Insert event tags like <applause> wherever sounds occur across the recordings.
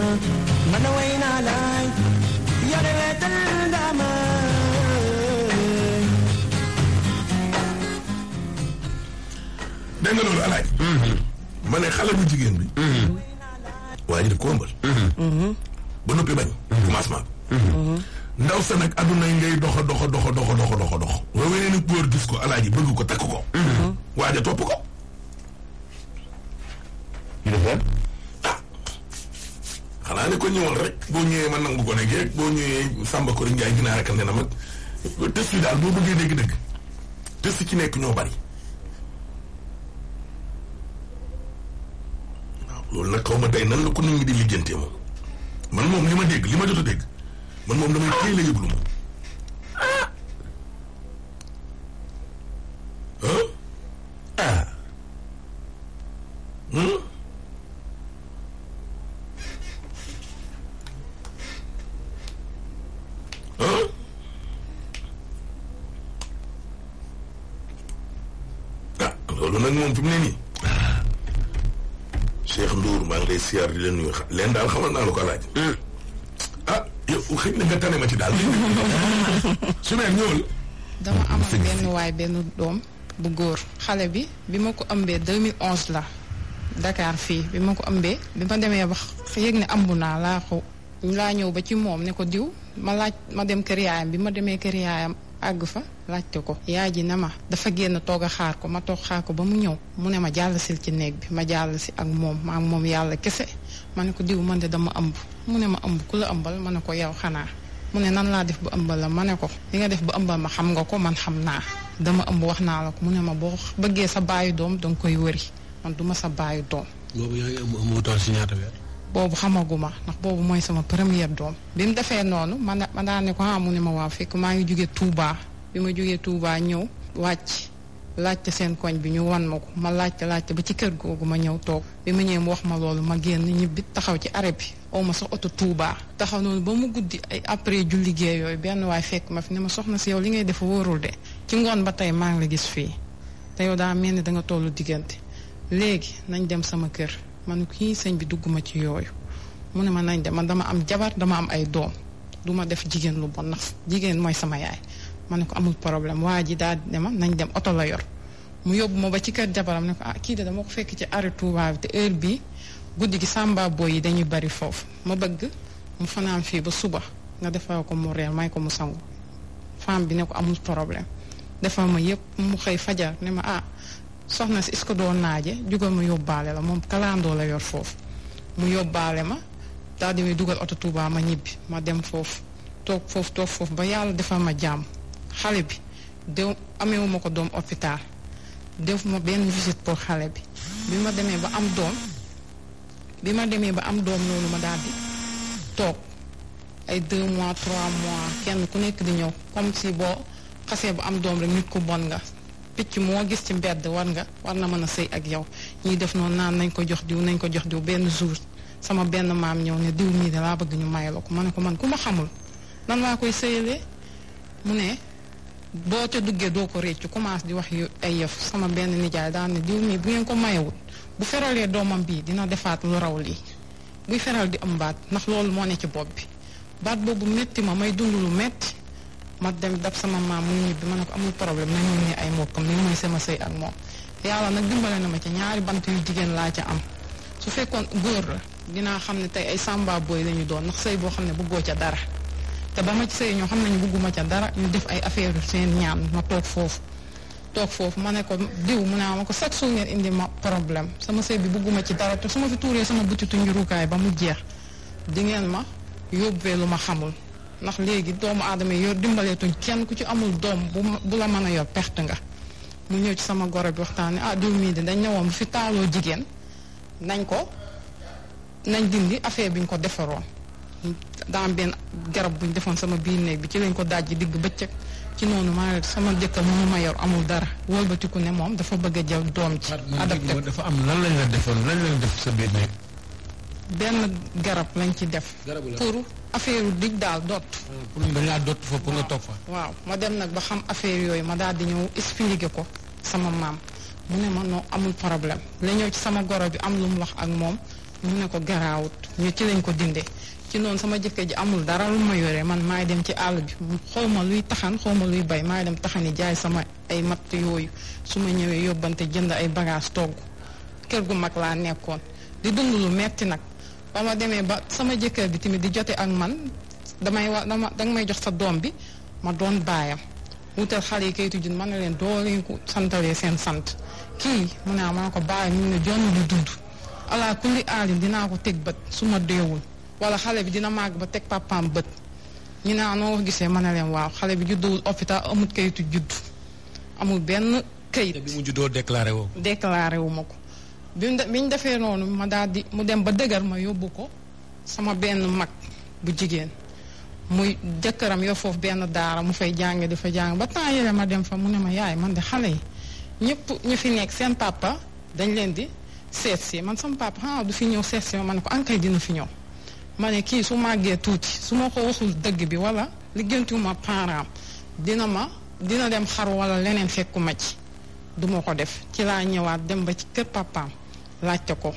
dama man way naa laay yore wetal dama dégg nga loolu alaaj mm-hmm. ma ne jigéen bi mm-hmm. waa ji daf ko ëmbal mm-hmm. ba noppi bañ commencement ndaw sa nag adduna yi ngay doxa doxa doxa doxa doxa doxa dox nga wenee ni góor gis ko alaaji bëgg ko takk ko waaja topp ko xanaa ne ko rek boo ñëwee ma nangu ko boo ñëwee Samba Kori Ndiaye ginnaaw rek ne na ci nekk ñoo bari waaw loolu nag xaw ma tey nan la ko nit ñi di lijjantee moom man moom li ma dégg li ma jot a dégg man moom damay téye la yëglu moom. ah. ah. siyaar leen daal xamal naa la ko laaj. Hmm. ah yow xëy na nga tane ma ci daal. <laughs> su ne ñëwul. dama amal benn waay benn doom bu góor xale bi bi ma ko ëmbee 2011 la dakaar fii bi ma ko ëmbee bi ma demee ba yëg ne ambu naa laa ko laa ñëw ba ci moom ne ko diw ma laaj ma dem kër yaayam bi ma demee kër yaayam. àgg fa laajte ko yaay ji ne ma dafa génn toog a xaar ko ma toog xaar ko ba mu ñëw mu ne ma jàll sil ci néeg bi ma jàll si ak moom ma ak moom yàlla kese ma ne ko diw man de dama ëmb mu ne ma ëmb ku la ëmbal ma ne ko yow xanaa mu ne nan laa def ba ëmbal ma ne ko li nga def ba ëmbal ma xam nga ko man xam naa dama ëmb wax naa la ko mu ne ma boo bëggee sa baayu doom danga koy wëri man du ma sa baayu doom. boobu yaa ngi ëmb si ñaata boobu xamaguma ndax boobu mooy sama première doom bi mu defee noonu man ma daa ne ko amu ah, ne ma waaw fekk maa ngi jóge Touba bi ma jógee Touba ñëw wàcc laajte seen koñ bi ñu wan ma ko ma laajte laajte ba ci kër googu ma ñëw toog ma ñëwee mu wax ma loolu ma génn ñibbi taxaw ci arrêt bi aw ma sax oto Touba taxaw noonu ba mu guddi ay après ju liggéey yooyu benn waay fekk ma fi ne ma soxna si yow li ngay def wóorul de ci ngoon ba tey maa ngi la gis fii te yow daa mel ni da nga tollu diggante léegi nañ dem sama kër. man kii sëñ bi dugg ma ci yooyu mu ne ma nañ dem man dama am jabar dama am ay doom du ma def jigéen lu bon ndax jigéen mooy sama yaay ma ne ko amul problème waa ji daal di ne ma nañ dem oto la yor mu yóbbu ma ba ci kër jabaram ne ko ah kii de dama ko fekk ci arrêt Touba te heure bi guddi gi sàmba boy yi dañuy bari foofu ma bëgg mu fanaan fii ba suba nga defal ko mu reer may ko mu sangu femme bi ne ko amul problème defal ma yépp mu xëy fajar ne ma ah soxna si est-ce que doo naaje jugal ma yóbbaale la moom kalandoo la yor foofu mu yóbbaale ma daal di dugal oto tuubaa ma ñibbi ma dem foofu toog foofu toog foofu ba yàlla defal ma jàmm xale bi dew amewuma ko doom hôpital def ma benn visite pour xale bi bi ma demee ba am doom bi ma demee ba am doom loolu ma daal di toog ay deux mois trois mois kenn ku nekk di ñëw comme si boo xasee ba am doom rek nit ku bon nga picc moo gis ci mbedd war nga war na mën a sëy ak yow ñuy def noonu naan nañ ko jox diw nañ ko jox diw benn jour sama benn maam ñëw ne diw mii da laa bëgg ñu may la ko ma ne ko man ku ma xamul nan laa koy sëyalee mu ne boo ca duggee doo ko réccu commence di wax ay yëf sama benn nijaay daan ne diw bu ngeen ko mayewul bu feralee doomam bii dina defaat lu raw lii buy feral di baat ndax loolu moo ne ci bopp bi baat boobu métti ma may dund lu métti ma dem dab sama maam mu ñibbi ma ne ko amul problème nañu ne ay mbokkam li mooy sama sëy ak moom yàlla nag dimbale na ma ci ñaari bant yu jigéen laa ca am su fekkoon góor la dinaa xam ne tey ay samba booy la ñu doon ndax sëy boo xam ne bëggoo ca dara te ba ma ci sëy ñoo xam ne ñu bëgguma ca dara ñu def ay affaire yu seen ñaan ma toog foofu toog foofu ma ne ko mu naa ah, ma ko chaque jour ngeen indi ma problème sama sëy bëgguma ci dara te su ma fi tuuree sama butitu njurukaay ba mu jeex di ngeen ma yóbbee lu ma xamul ndax léegi doomu aadama yi yor dimbaleetuñ kenn ku ci amul doom bu bu la mën a yor perte nga mu ñëw ci sama goro bi waxtaan ne ah diw mii de dañ ne woon fi taaloo jigéen nañ ko nañ dindi affaire bi ñu ko defaroon daa benn garab bu ñu defoon sama biir néeg bi ci lañ ko dajji digg bëccëg ci noonu maa sama jëkkër mënu ma yor amul dara wëlbatiku ne moom dafa bëgg a jël doom ci adapté dafa am lan lañ la defoon lan lañ def sa biir néeg benn garab lañ ci def. pour affaire yu dij daal dott. Ah, pour ñu dañ dott fa pour nga toog fa. waaw ma dem nag ba xam affaire yooyu ma daal di ñëw expliqué ko sama maam mu ne ma non amul problème la ñëw ci sama goro bi am lu mu wax ak moom mu ne ko garaawut ñu ci lañ ko dindee ci noonu sama jëkkër ji amul dara lu ma yoree man maay dem ci àll bi xaw ma luy taxan xaw ma luy bay maay dem taxani jaay sama ay matt yooyu su ma ñëwee yóbbante jënd ay bagage togg kër gu mag laa nekkoon di metti nag. ba ma demee ba sama jëkkër bi tamit di jote ak man damay wa dama danga may jox sa doom bi ma doon baayam wutal xale yi kayitu jun man na leen doole ko santalee seen sant kii mu ne ah, ko baayam ñu ne jonn du dinaa ko teg bët su ma deewul wala xale bi dina màgg ba teg papaam bët ñu naa ah, noo gisee ma ne leen waaw xale bi judduwul hôpital amul kayitu judd benn kayit bi mu juddoo déclaré woo déclaré wu ma ko bi ñu defee noonu ma di mu dem ba dëgër ma yóbbu ko sama benn mag bu jigéen muy jëkkëram yoo foofu benn daara mu fay jànge di fa jàng ba temps ma dem mu ne ma yaay man de xale yi ñëpp ñu fi nekk seen papa dañ leen di seet man sama papa ah du fi ñëw seet si ma ma ne ko ankay ah, dina fi ñëw ma ne kii su màggee tuuti su ma ko waxul dëgg bi wala liggéentiwuma param dina ma dina dem xaru wala leneen fekku ma ci duma ko def ci laa ñëwaat dem ba ci kër papaam laajte ko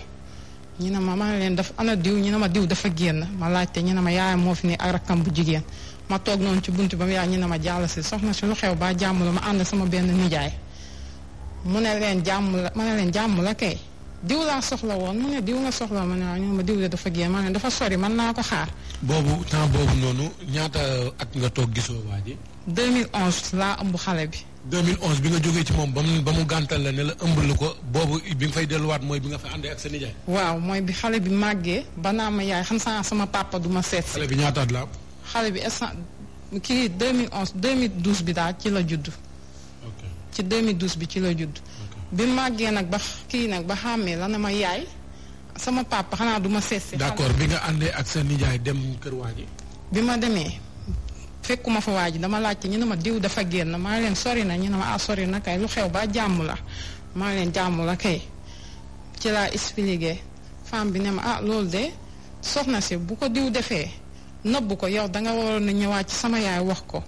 ñu ne ma ma leen daf ana diw ñu ne ma diw dafa génn ma laajte ñu ne ma yaayam moo fi ne ak rakkam bu jigéen ma toog noonu ci bunt ba mu yaay ñu ne ma jàll si soxna si lu xew baa jàmm la ma ànd sama benn nijaay mu ne leen jàmm la ma ne leen jàmm la kay diw soxla woon mu ne diw nga soxla ma ma diw dafa génn ma ne dafa sori man naa ko xaar. boobu temps boobu noonu ñaata at nga toog gisoo waa ji. 2011 laa ëmb xale bi. 2011 bi nga jógee ci moom ba mu ba mu gàntal la ne la ëmb la ko boobu bi nga fay delluwaat mooy bi nga fa àndee ak sa nijaay. bi xale bi màggee ba naa ma yaay xam saa sama papa du ma seet si. xale bi ñaata at la am. xale bi instant kii 2011 bi daal ci la judd. ok ci 2012 bi ci la judd. bi màggee nag ba kii nag ba xàmmee la na ma yaay sama papa xanaa du ma seet si. d'accord bi nga àndee ak sa nijaay dem kër waa bi ma demee fekkuma fa waa ji dama laajte ñu ne ma diw dafa génn maa leen sori na ñu ne ma ah, sori na kay lu xew ba jàmm la maa leen jàmm la ci laa expliqué femme bi ne ma ah, loolu de soxna si bu ko diw defee nëbb ko yow danga waroon a ñëwaat ci sama yaay wax ko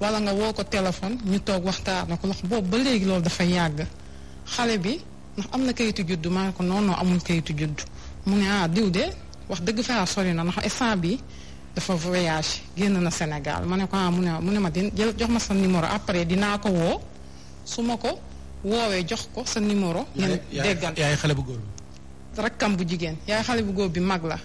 wala nga woo ko téléphone ñu toog waxtaan ko ndax boobu ba léegi loolu dafa yàgg. xale bi ndax am na kayitu juddu maa ne ko non non amul kayitu juddu mu ne ah diw de wax dëgg faa sori na ndax instant bi dafa voyage génn na Sénégal ma ne ko ah mu ne mu ne ma di jël jox ma sa numéro après dinaa ko woo su ma ko woowee jox ko sa numéro. ngeen déggal yaay xale bu góor bi. rakkam bu jigéen yaay xale bu góor bi mag la.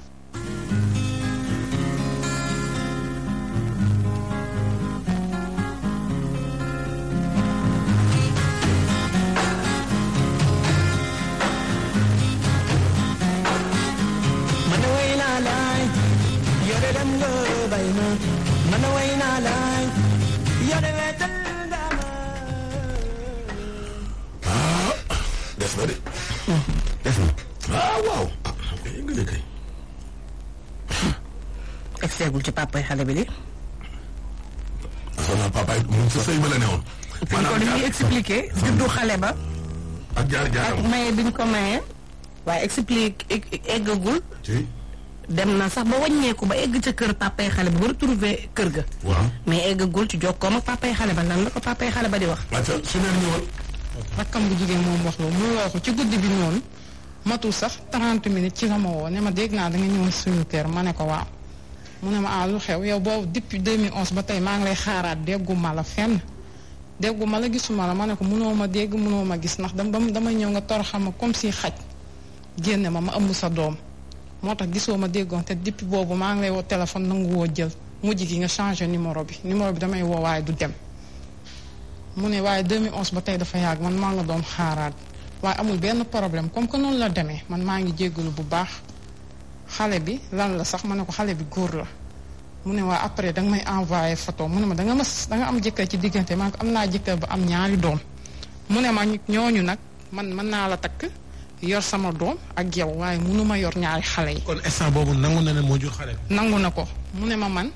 Ah, na waaw waaw. ah yëngale kay. ak seegul ci papaay xale bi de. xanaa papaay moom sa sëy ba xale ba. ak jaar jaaram ak maye bi ñu ko maye. waaye explique e- e- eggagul. dem na sax ba wàññeeku ba egg ca kër papay xale ba ba retrouver kër ga. waaw mais eggagul ci jokkoom ak papay xale ba lan la ko papay xale ba di wax. rakkam bu jigéen moom wax loolu mu woo ko ci guddi bi noonu matul sax 30 minutes ci la ma woo ne ma dégg naa da nga ñëw suñu kër ma ne ko waaw mu ne ma ah lu xew yow boobu depuis 2011 ba tey maa ngi lay xaaraat dégguma la fenn dégguma la gisuma la ma ne ko mënoo ma dégg mënoo ma gis ndax dama dama ñëw nga toroxal ma comme si xaj génne ma ma ëmb sa doom moo tax gisoo ma déggoon te depuis boobu maa ngi lay woo téléphone nangu jël mujj gi nga changé numéro bi numéro bi damay woo waaye du dem. mu ne waaye 2011 ba tey dafa yàgg man maa nga doon xaaraat waaye amul benn problème comme que noonu la demee man maa ngi jéggalu bu baax xale bi lan la sax ma ne ko xale bi góor la mu ne waa après danga may envoyé photo mu ne ma danga ma danga am jëkkër ci diggante ma am naa jëkkër ba am ñaari doom mu ne ma ñooñu nag man mën naa la takk yor sama doom ak yow waaye mënu ma yor ñaari xale yi. kon instant boobu nangu na ne moo jur xale. nangu na ko mu ne ma man.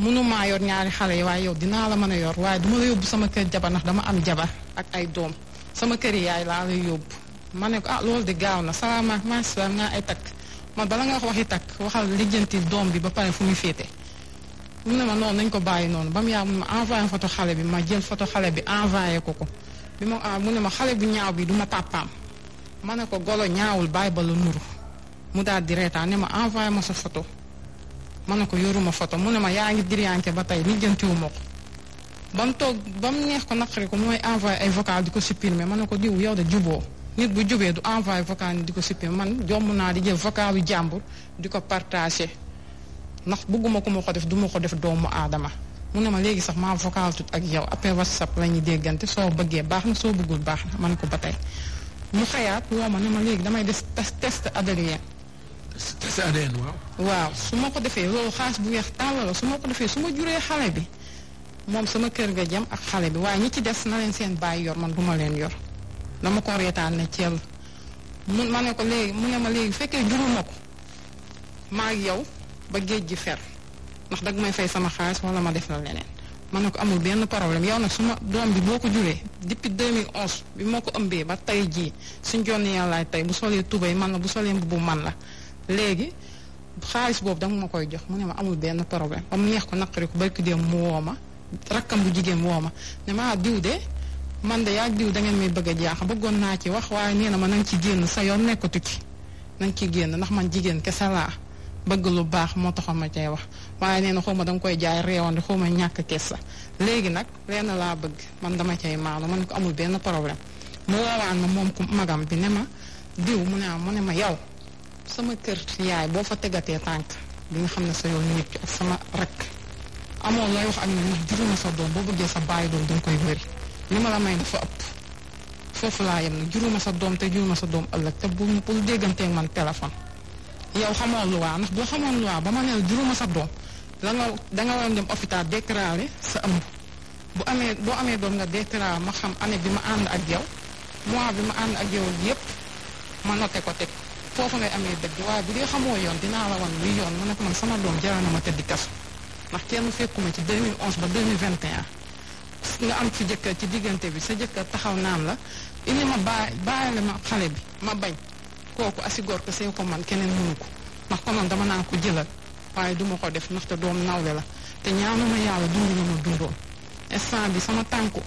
mënumaa yor ñaari xale yi waaye yow dinaa la mën a yor waaye duma la yóbbu sama kër jabar ndax dama am jabar ak ay doom sama kër yaay laa lay yóbbu ma ne ko ah loolu de gaaw na salaama maa salaam naa ay takk man bala nga wax waxi takk waxal lijjanti doom bi ba pare fu muy féete ne ma noonu nañ ko bàyyi noonu ba yaa mu ma envoyé photo xale bi ma jël foto xale bi envoyé ko ko bi ma ah, mu ne ma xale bu ñaaw bii du ma pàppaam ma ne ko golo ñaawul bàyyi ba la nuru mu daal di reetaan ne ma envoyé ma sa photo ma ne ko yoruma photo mu ne ma yaa ngi diriyanke ba tey lijjantiwu ma ko ba mu toog ba mu neex ko naqari ko mooy envoyé ay vocal di ko supprimer ma na ko diw yow de juboo nit bu jubee du envoyé vocal ni di ko supprimer man jomm naa di jël vocal jàmbur di ko partagé ndax bëgguma ko ma ko def du ma ko def doomu aadama mu ne ma léegi sax maa vocal tut ak yow après whatsapp la ñuy déggante soo bëggee baax na soo bëggul baax na man ko ba tey mu xëyaat woo ma ne ma léegi damay des test test adrien sa waaw. su ma ko defee loolu xaalis bu weex tàll la su ma ko defee su ma juree xale bi moom sama kër nga jëm ak xale bi waaye ñi ci des na leen seen bàyyi yor man du ma leen yor dama ko reetaan ne ceel mun ma ne ko léegi mu ne ma léegi fekkee jurul ma ko maa yow ba géej gi fer ndax dag may fay sama xaalis wala ma def la leneen ma ne ko amul benn problème yow nag ma doom bi boo ko juree depuis 2011 bi ma ko ëmbee ba tey jii suñ jonn yàllaay tey bu solee tubay man la bu solee mbubu man la léegi xaalis boobu danga ma koy jox mu ne ma amul benn problème am neex ko naqari ko barki dem mu woo ma rakkam bu jigéen woo ma ne ma ah, diw de man de yaa diw da ngeen may bëgg a jaax bëggoon naa ci wax waaye ma nanga ci génn sa yoon nekkatu ci nanga ci génn ndax man jigéen kese laa bëgg lu baax moo taxoon ma cay wax waaye nee na xaw ma danga koy jaay réewande xaw ma ñàkk kessa léegi nag lenn laa bëgg man dama cay maanu man ko amul benn problème mu woowaan moom ku magam bi ne ma diw mu ne mu ne ma yow sama kër yaay boo fa tegatee tànk di nga xam ne sa yoon nit ki ak sama rek amoon lay wax ak ñoom ndax juru ma sa doom boo bëggee sa bàyyi doom danga koy wëri li ma la may dafa ëpp foofu laa yam nag juru ma sa doom te juru ma sa doom ëllëg te bu bu déggantee man téléphone. yow xamoon luwaa ndax boo xamoon luwaa ba ma ne la ma sa doom la nga da nga waroon dem hôpital déclaré sa ëmb amee boo amee doom nga déclaré ma xam année bi ma ànd ak yow mois bi ma ànd ak yow yépp ma noté ko teg. foofu ngay amee dëgg waaye bu dee xamoo yoon dinaa la wan wi yoon mu ak man sama doom jaraa na ma tëdd kaso ndax kenn fekkuma ci 2011 ba 2021 nga am ci jëkkër ci diggante bi sa jëkkër taxaw naan la ini ma bàyyi bàyyile ma xale bi ma bañ kooku asigoor ko sëy ko man keneen mënu ko ndax ko dama naa ko jëlal waaye duma ko def ndaxte doom nawle la te ñaanuma yàlla dund na ma dundoon instant bi sama tànku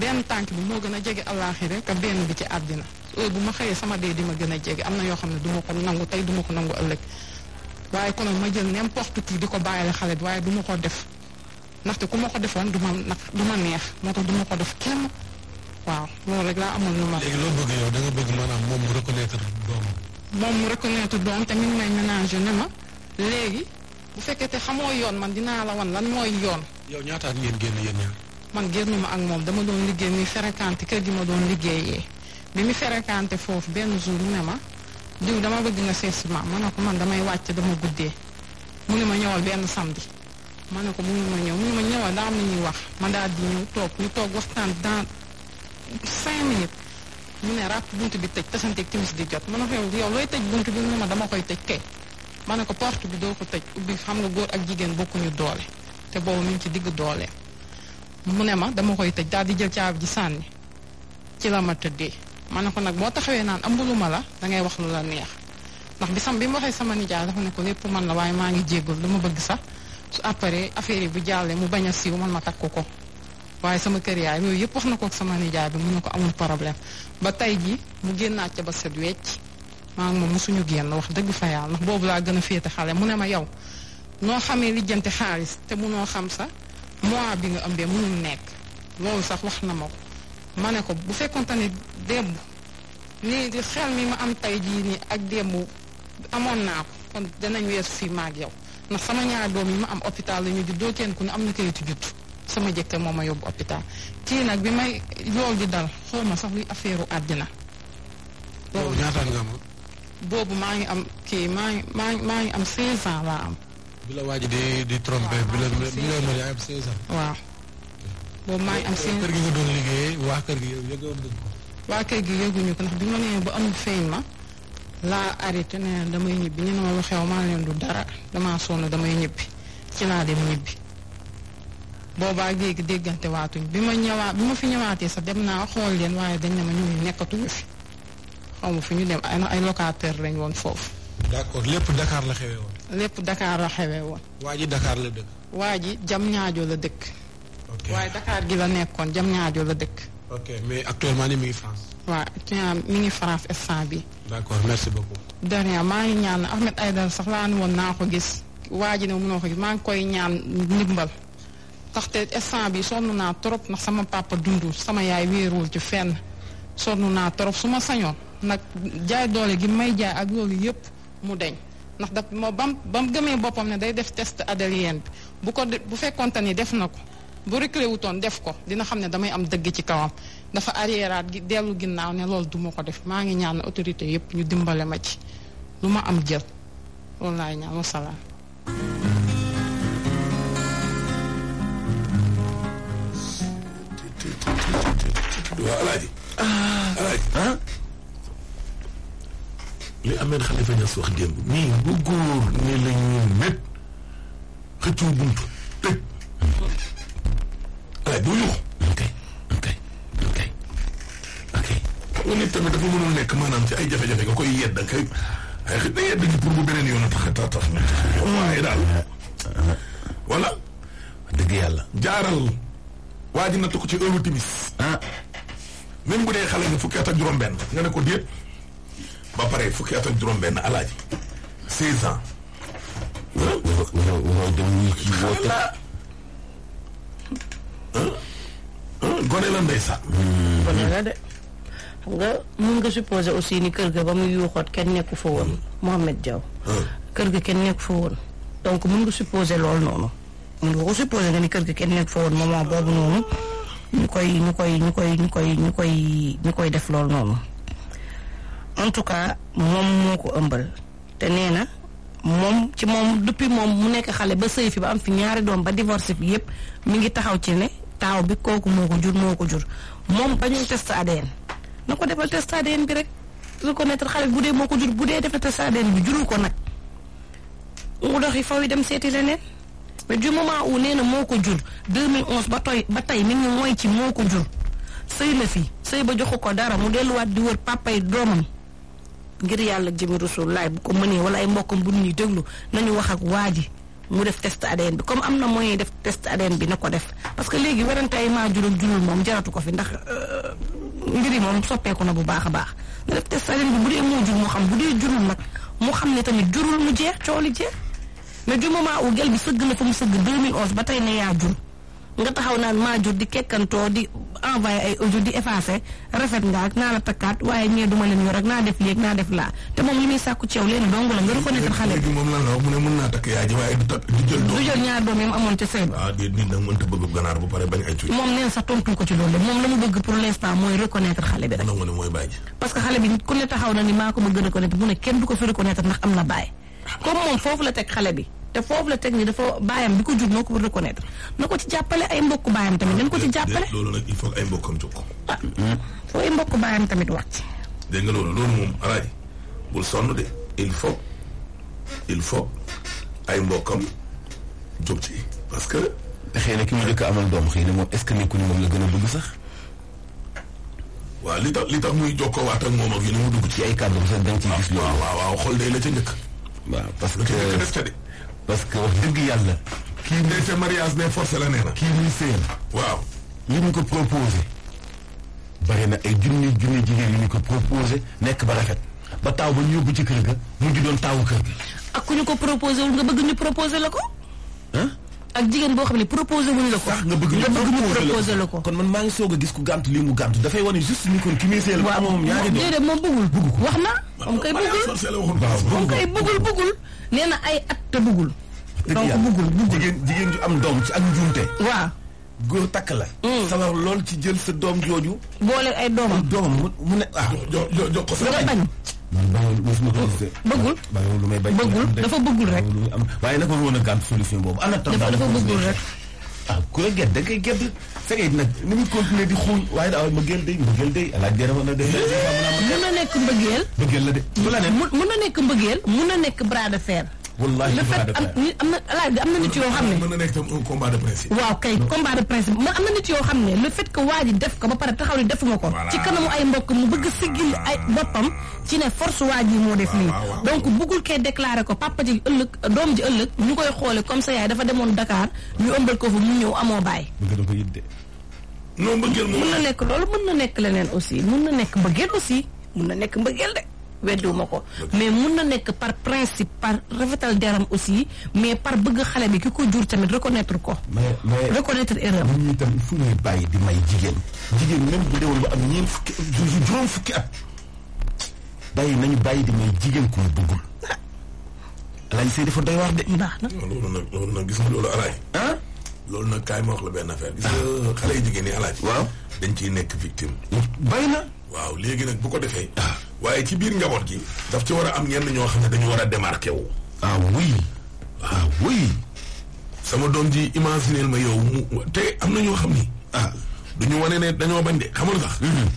benn tànk bi moo gën a jege àllaaxira ka benn bi ci àddina heure bu ma xëyee sama dee di ma gën a jege am na yoo xam ne du ma ko nangu tey duma ko nangu ëllëg waaye kon ma jël n'importe qui di ko bàyyile xale bi waaye duma ma ko def ndaxte ku ma ko defoon du ma nag du ma neex moo tax du ma ko def kenn waaw loolu rek laa amoon lu loo bëgg yow da nga bëgg maanaam moom mu reconnaître doomam. moom mu reconnaître doom te mi ngi may ménager ne ma léegi bu fekkee te xamoo yoon man dinaa la wan lan mooy yoon. yow ñaataat ngeen génn yéen ñaar. man génnuma ak moom dama doon liggéey ni fréquente kër gi ma doon liggéeyee. bi mu fréquenté foofu benn jour mu ne ma diw dama bëgg nga seet si ma a ko man damay wàcc dama guddee mu ne ma ñëwal benn samedi ma ne ko bu ñëw mu ne ma ñëwal daa am lu ñuy wax man daal di ñëw toog ñu toog waxtaan dans cinq minutes mu ne ràpp bunt bi tëj tasanteeg timis di jot ma ne ko yow yow looy tëj bunt bi mu ne ma dama koy tëj kay ma ne ko porte bi doo ko tëj ubbi xam nga góor ak jigéen bokkuñu doole te boobu mi ci digg doole mu ne ma dama koy tëj daal di jël caabi ji sànni ci la ma tëddee man na ko nag boo taxawee naan ambuluma la dangay wax lu la neex ndax bisam bi mu waxee sama nijaay dafa ne ko lépp man la waaye maa ngi jéggul ma bëgg sax su après affaire yi bu jàllee mu bañ a siiw man ma takku ko ko waaye sama kër yaay yooyu yëpp wax na ko ak sama nijaay bi mu ne ko amul problème ba tey ji mu génnaat ca ba set wecc maa ngi moom mosuñu génn wax dëgg fa yàlla ndax boobu laa gën a féete xale mu ne ma yow noo xamee lijjante xaalis te munoo xam sa mois bi nga ëmbee mënul nekk loolu sax wax na ma ma ne ko bu fekkoonte ne démb nii di xel mi ma am tey jii nii ak démb amoon naa ko kon danañ weesu fii maak yow ndax sama ñaar doom yi ma am hôpital la ñu juddoo kenn ku ne am na kayitu judd sama jëkkër moo ma yóbbu hôpital kii nag bi may lool di dal xaw ma sax luy affaire àddina. boobu boobu maa ngi am kii maa ngi maa ngi maa ngi am 16 ans laa am. bi la waaj di di trompé boobu maa am seen kër gi nga doon liggéey waa kër gi yow yëgoon nañ ko. gi yëguñu ko ndax bi ma nee ba amul feeñ ma laa arrêté ne damay ñibbi ñu ne ma lu xew maa leen du dara dama sonn damay ñibbi ci laa dem ñibbi. boobaa léegi déggante waatuñ bi ma ñëwaa bi ma fi ñëwaatee sax dem naa xool leen waaye dañ ne ma ñooñu nekkatuñu fi xaw ma fi ñu dem ay ay locataire lañ woon foofu. d'accord lépp dakaar la xewee woon. lépp dakaar la xewee woon. waa ji dakaar la dëkk. waa ji jam ñaajo la dëkk. ok waaye Dakar gi la nekkoon jam ñaajo la dëkk. ok mais actuellement ni mi ngi France. waaw mi ngi France instant bi d'accord merci beaucoup. de rien maa ngi ñaan Ahmed Aïdara sax laa ne woon naa ko gis waa ji ne mënoo ko gis maa ngi koy ñaan ndimbal taxte instant bi sonn naa trop ndax sama papa dund sama yaay wéeruwul ci fenn sonn naa trop su ma sañoon nag jaay doole gi may jaay ak loolu yépp mu deñ ndax daf moo bam ba mu gëmee boppam ne day def test adélien bi bu ko bu fekkonte ni def na ko. bu réclé wutoon def ko dina xam ne damay am dëgg ci kawam dafa arriéraat gi dellu ginnaaw ne loolu duma ko def maa ngi ñaan autorité yëpp ñu dimbale ma ci lu ma am jël loolu laay ah. li ameen Xalifa Ñas wax démb nii bu góor ne la met xëccoo buntu tëj waaye doo yuux ok ok ok ok xam tamit dafa mënul nekk maanaam ci ay jafe-jafe ko koy yedd ak ay xëy na yedd gi bu beneen yoon a tax a tax tax waaye daal voilà dëgg yàlla jaaral waa ji natt ci heure timis ah même bu dee xale nga fukki at juróom-benn nga ne ko déet ba pare fukki at ak juróom gone la ndeysaan. gone la de xam nga mun nga supposé aussi ni kër ga ba muy yuuxoot kenn nekku fa woon Mohamed Diaw. Ah. kër gi kenn nekku fa woon donc mun nga supposé loolu noonu. mun nga ko supposé nga ni kër ga kenn nekku fa woon moment boobu noonu ñu koy ñu koy ñu koy ñu koy ñu koy def loolu noonu. en tout cas moom moo ko ëmbal te nee na moom ci moom depuis moom mu nekk xale ba sëy fi ba am fi ñaari doom ba divorce fi yépp mi ngi taxaw ci ne. taaw bi kooku moo ko jur moo ko jur moom ba ñuy test ADN na ko defal test ADN bi rek ko reconnaître xale bu dee moo ko jur bu dee defal test ADN bi jurul ko nag mu doxi faw yi dem seeti ne mais du moment où nee na moo ko jur 2011 ba toy ba tey mi ngi mooy ci moo ko jur sëy na fi sëy ba joxu ko dara mu delluwaat di wër papay doomam ngir yàlla jëmi rasul laay bu ko mënee wala ay mbokkam bu ñuy déglu nañu wax ak waa ji mu def test ADN bi comme am na moyen def test ADN bi na ko def parce que léegi werante ay maa jurul jurul moom jaratu ko fi ndax euh, mbir yi moom soppeeku na bu baax a baax na def test ADN bi bu dee moo jur moo xam bu dee jurul nag moo xam ne tamit jurul mu jeex coow li jeex mais du moment bi sëgg na fa mu sëgg 2011 ba tey na yaa jur nga taxaw naan maa jur di kekkantoo di envoyé ay audio di effacé rafet nga ak naa la takkaat waaye ñee duma leen yor ak naa def léegi naa def laa te moom li muy sàkku ci leen dong la nga reconnaître xale bi moom neen ah, sax tontu ko ci loolu moom la mu bëgg pour l'instant mooy reconnaître xale bi rek parce que xale bi ku ne taxaw na ni maa ko bëgg reconnaître mu ne kenn du ko fi reconnaître ndax am na baay ah. comme moom foofu la teg xale bi te foofu la teg ni dafa baayam bi ko jur noo ko reconnaître na ko ci jàppale ay mbokk baayam tamit nañ ko ci jàppale loolu nag il faut ay mbokkam jóg ah foo ay tamit wax ci dégg nga loolu loolu moom alaaji il faut il faut ay mbokkam jóg ci parce que xëy na ki mu njëkk amal doom xëy na moom est-ce que nekku ni moom la gën a bëgg sax waaw li tax li tax muy jokkoo waat ak moom ak yu ni mu dugg ci ay kàddu sax da ci gis loolu waaw waaw xool day la ca njëkk waaw parce que parce que wax dëgg yàlla. kii ndeyte mariage ne forcé la nee na. kii muy sëy waaw li ñu ko proposé. bari na ay junni junni jigéen yu ñu ko proposé nekk ba rafet ba taaw ba ñu yóbbu ci kër ga mujj doon taawu kër ga. ak ku ñu ko proposé wul nga bëgg ñu proposé la ko. ak jigéen boo xam ne proposé wuñu la ko. nga bëgg ñu proposé la ko kon man maa ngi soog a gis ku gàntu lii mu gàntu dafay wane juste ni kon ki muy seel. waaw moom ñaari doom déedéet moom bëggul wax na. moom kay bëggul moom kay bëggul bëggul nee na ay at te bëggul. donc bëggul bëggul jigéen jigéen ju am doom ci ak njuumte. waaw. góor takk la. Hmm. sawar lool ci jël sa doom jooju. boole ay doomam doomam mu ne ah. jo jo ko sa bañ man bàyyiwul mosuma ko gisee. bëggul bàyyiwul lu may bañ. bëggul dafa bëggul rek waaye nag waroon a gànt solution boobu en attendant. dafa bëggul rek ah ku la gedd da ngay gedd fekkee nag ni muy continuer di xuuñ waaye daaw mbëggeel day mbëggeel day alaaj jërë na day. mun na nekk mbëggeel. mbëggeel la de. mun na nekk mbëggeel. mun na nekk bras de fer. wallaahi am na laaj am na nit yoo xam ne. mën na nekk tam un combat de principe. waaw kay combat principe man am na nit yoo xam ne le fait que waa ji def ko ba pare taxaw ni defuma ko. ci kanamu ay mbokk mu bëgg siggil ay boppam ci ne force waa ji moo def nii. donc bëggul kee déclaré ko papa ji ëllëg doom ji ëllëg ñu koy xoole comme ça yaay dafa demoon dakaar ñu ëmbal ko fa mu ñëw amoo bàyyi. non mbëggeel moom mën na nekk loolu mën na nekk leneen aussi mun na nekk mbëggeel aussi mun na nekk mbëggeel de wedduwuma ko mais mun na nekk par principe par rafetal deram aussi mais par bëgg xale bi ki ko jur tamit reconnaître ko. mais mais reconnaître erreur. nit ñi tam il faut ñuy bàyyi di may jigéen. jigéen même bu deewul ba am ñeent fukki juróom at. bàyyi nañu bàyyi di may jigéen ku mu bëggul. alaay sëy dafa doy waar de. baax na oh, loolu nag loolu nag gis nga loolu alaay. ah loolu nag kaay ma la benn affaire gis ah. xale yu jigéen ñi alaay. waaw dañ ciy nekk victime. bari na. waaw léegi nag bu ko defee. Ah. waaye ci biir njaboot gi daf ci war a am ñenn ñoo xam ne dañu war a démarqué wu. ah oui ah sama doom ji imagineel ma yow mu te am na ñoo xam ne ah du ñu wane ne dañoo bañ de xamul sax. Mm-hmm.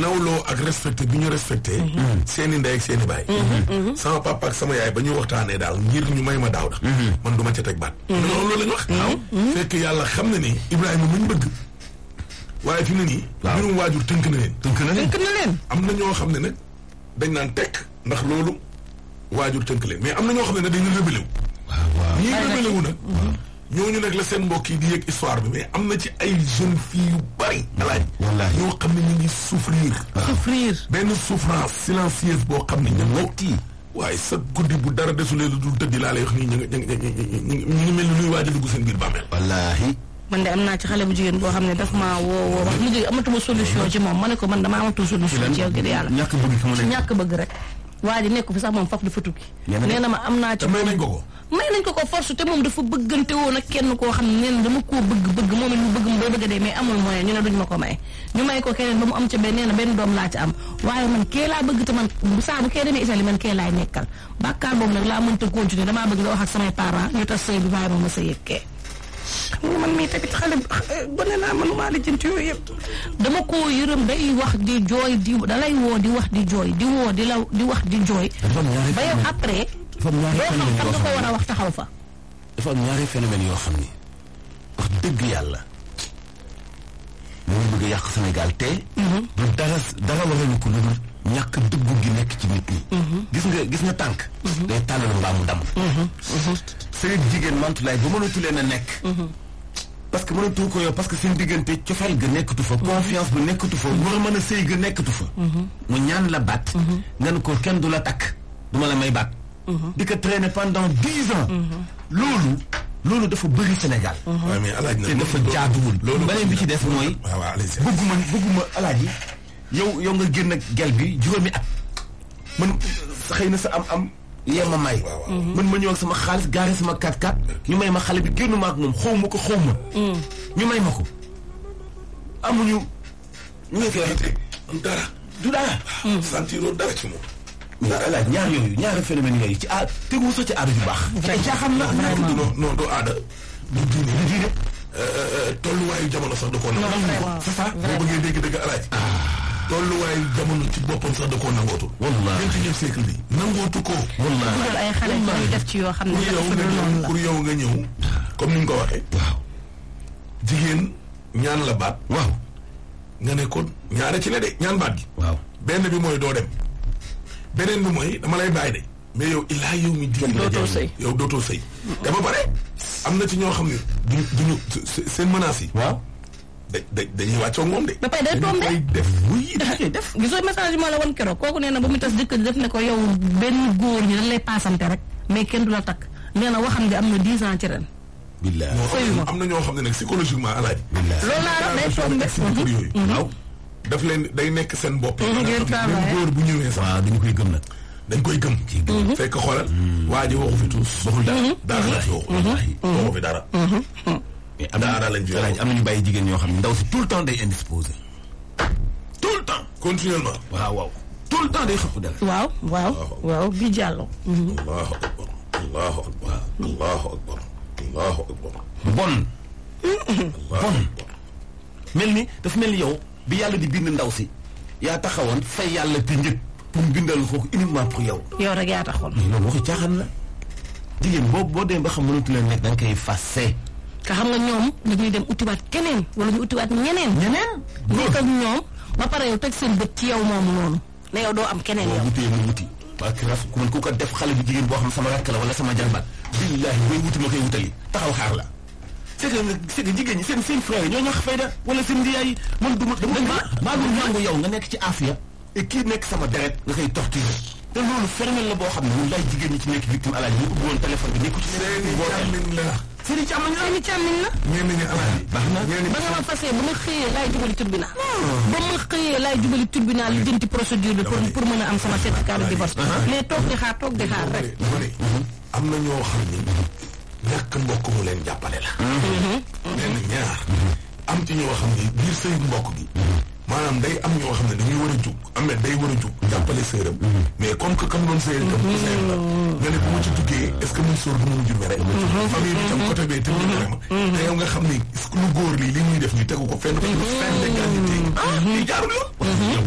nawloo ak respecté bi ñu respecté. Mm-hmm. seen i ndey ak seen i baay. Mm-hmm. sama papa ak sama yaay ba ñu waxtaanee daal ngir ñu may ma daaw da man du ma ca teg baat. non loolu la ñu wax. waaw fekk yàlla xam na ni Ibrahima muñ bëgg. waaye fi mu nii. waaw mbirum waajur tënk na leen. tënk na leen am na ñoo xam ne nag dañ naan tekk ndax loolu waajur tënk leen mais am na ñoo xam ne nag dañu rébélé wu. waaw waaw na rébélé wu mm-hmm. nag. la seen mbokk yi di yëg histoire bi mais am na ci ay jeunes filles yu bari. alaaj ñoo xam ne ñu ngi souffrir. souffrir benn souffrance silencieuse boo xam ne ña mbokk yi. waaye sa guddi bu dara desulee lu dul tëddi laa lay wax nii ñu ngi ñu ngi mel ni luy waaj a dugg seen biir bàmmeel. wallaahi. man de am naa ci xale bu jigéen boo xam ne daf maa woo woo mu jóge amatuma solution ci moom ma ne ko man dama amatul solution ci yow ngir yàlla ci ñàkk bëgg rek waa am naa ci may nañ ko ko may nañ ko ko force kenn koo xam ne nee na bëgg bëgg moom it mu bëgg a dee mais ñu ma ko may ñu may ko keneen ba mu am ca benn nee na benn doom laa ci am waaye man kee laa bëgg te man saa bu kee demee Italie man kee laay nekkal bàkkaar boobu nag laa mënta continuer damaa bëgg nga wax ak samay parents ñu tas sëy bi bàyyi ma ma sëy ak xam nga man mii tamit xale gone naa mënumaa lijjanti yooyu yëpp. dama ko yërëm day wax di jooy di dalay woo di wax di jooy di di la di wax di jooy. ba yow après. dafa am ñaari phénomène yoo xam a wax ñaari phénomène yoo xam ni wax dëgg yàlla. moo bëgg yàq Sénégal te. Mhm. du dara dara warañu ko lu ñàkk dëggu gi nekk ci nit ñi. Mhm. gis nga gis nga tànk. Mhm. day tàllalu mbaamu ndam. sëñ jigéen Mantoulaye ba mënatu leen a nekk. parce que mënatoo ko yow parce que seen diggante cofeel ga nekkatu fa confiance ba nekkatu fa war a mën a sëy ga nekkatu fa mhm. mu ñaan la baat mhm. nga ne ko kenn du la takk duma la may baat mhm. di ko traîner pendant dix ans loolu loolu dafa bëri Sénégal te dafa jaaduwul beneen bi ci def mooy bëgguma bëgguma alaaji yow yow nga génn ak gel bi juróomi at man xëy na sa am am yee ma may. man mm-hmm. ma ñëw ak sama xaalis gaare sama 4 x ñu may ma xale bi génn ma ak moom xaw ma ko xaw ma. Mm. ñu may ma ko. amuñu. ñu ngi koy waxee dara. du dara. Mm. sentiroo dara ci moom. mais alaaj ñaar yooyu ñaari phénomène yooyu ci aar tegu sa ci aada ju baax. vraiment xam na non non non du aada. du diine du diine. Euh, euh, euh, tolluwaayu jamono sax da koo nekk. non non bëggee dégg dëgg alaaj ah. tolluwaayu jamono ci boppam sax da koo nangootul. wallaahi vingt-et-unième siècle bi nangootu ko. wallaahi ci yoo xam ne la pour yow nga ñëw comme ni nga ko waxee. jigéen ñaan la baat. waaw nga nekkoon kon ñaare ci ne de ñaan baat gi. waaw benn bi mooy doo dem. beneen bi mooy dama lay bàyyi de. mais yow illaa yow mi diin la dootoo sëy yow dootoo sëy. dama bare am na ci ñoo xam ne duñu duñu seen menaces yi. waaw. da dañuy wàccoog moom de. ba pare day tombé koy def wuy. <laughs> da koy def gisoo message ma la woon keroog kooku nee na ba mu tas jëkkër def ne ko yow benn góor ñi dañ lay paasante rek mais kenn du la takk nee na waxam bi am na 10 ans ci ren. billaay am na ñoo xam ne nag psychologiquement alaaji. billaay loolu day mhm. daf leen day nekk seen bopp. Mhm, ngeen même góor bu ñëwee sax. waaw dañu koy gëm nag. dañ koy gëm. ci gëm fekk xoolal. Mhm. waa ji waxu fi tuus. waxul dara dara la fi waxu. fi dara. daara a fi am nañu bàyyi jigéen ñoo xam ne ndaw si tout le temps day indisposé. tout le temps. continuellement waaw waaw. tout le temps day xëpp dara. waaw waaw waaw bi jàllo. Mhm. allahu akbar allahu akbar allahu akbar allahu akbar. bon. bon. mel ni dafa mel bi yàlla di bind ndaw si yaa taxawoon fay yàlla di njëkk pour bindal ko uniquement pour yow. yow rek yaa taxoon. loolu waxi caaxaan la. jigéen boo boo dee ba xam mënatu leen nekk da nga koy ka xam nga ñoom ñuy dem utiwaat keneen wala ñu utiwaat ñeneen. ñeneen. nekk ak ñoom ba pare yow teg seen bët ci yow moomu noonu. ne yow doo am keneen yow. wutee ma wuti. man ku def xale bu jigéen boo xam sama rakk la wala sama jarbaat. billaahi booy taxaw xaar la. c'est que jigéen ñi seen seen frère ñoo ñax fayda wala seen yi man du ma. dama maa ngi nangu yow nga nekk ci aafiya. et kii nekk sama deret nga koy torturer. te loolu fermel la boo xam ne ñun laay jigéen ñi ci nekk victime alaaj ñu ubbi woon téléphone bi nekku ci. seen i la la ñu càmmoñ la ñeen ñi alaaji baax na ba nga ma fasee ba ma xëyee laay jubali tribunal ah. ba ma xëyee laay jubali tribunal li jënti procédure bi pour pour mën a am sama certificat de divorce ah. mais toog di xaar toog di xaar rek am na ñoo xam ni ñàkk mbokk mu leen jàppale la mhm. benn ñaar mhm. am ci ñoo xam ni biir sëy mbokk gi maanaam day am ñoo xam ne dañuy war a jug am day war a jug jàppale séeram mais comme que kam doon séeréer la nga ne bu ma ci duggee est ce que muy sóor du ma mujj mm-hmm. Mm-hmm. famille bi tam côté bee tamit mere ma mm-hmm. te yow nga xam ne lu góor lii li muy def ñu tegu ko fenn ko fin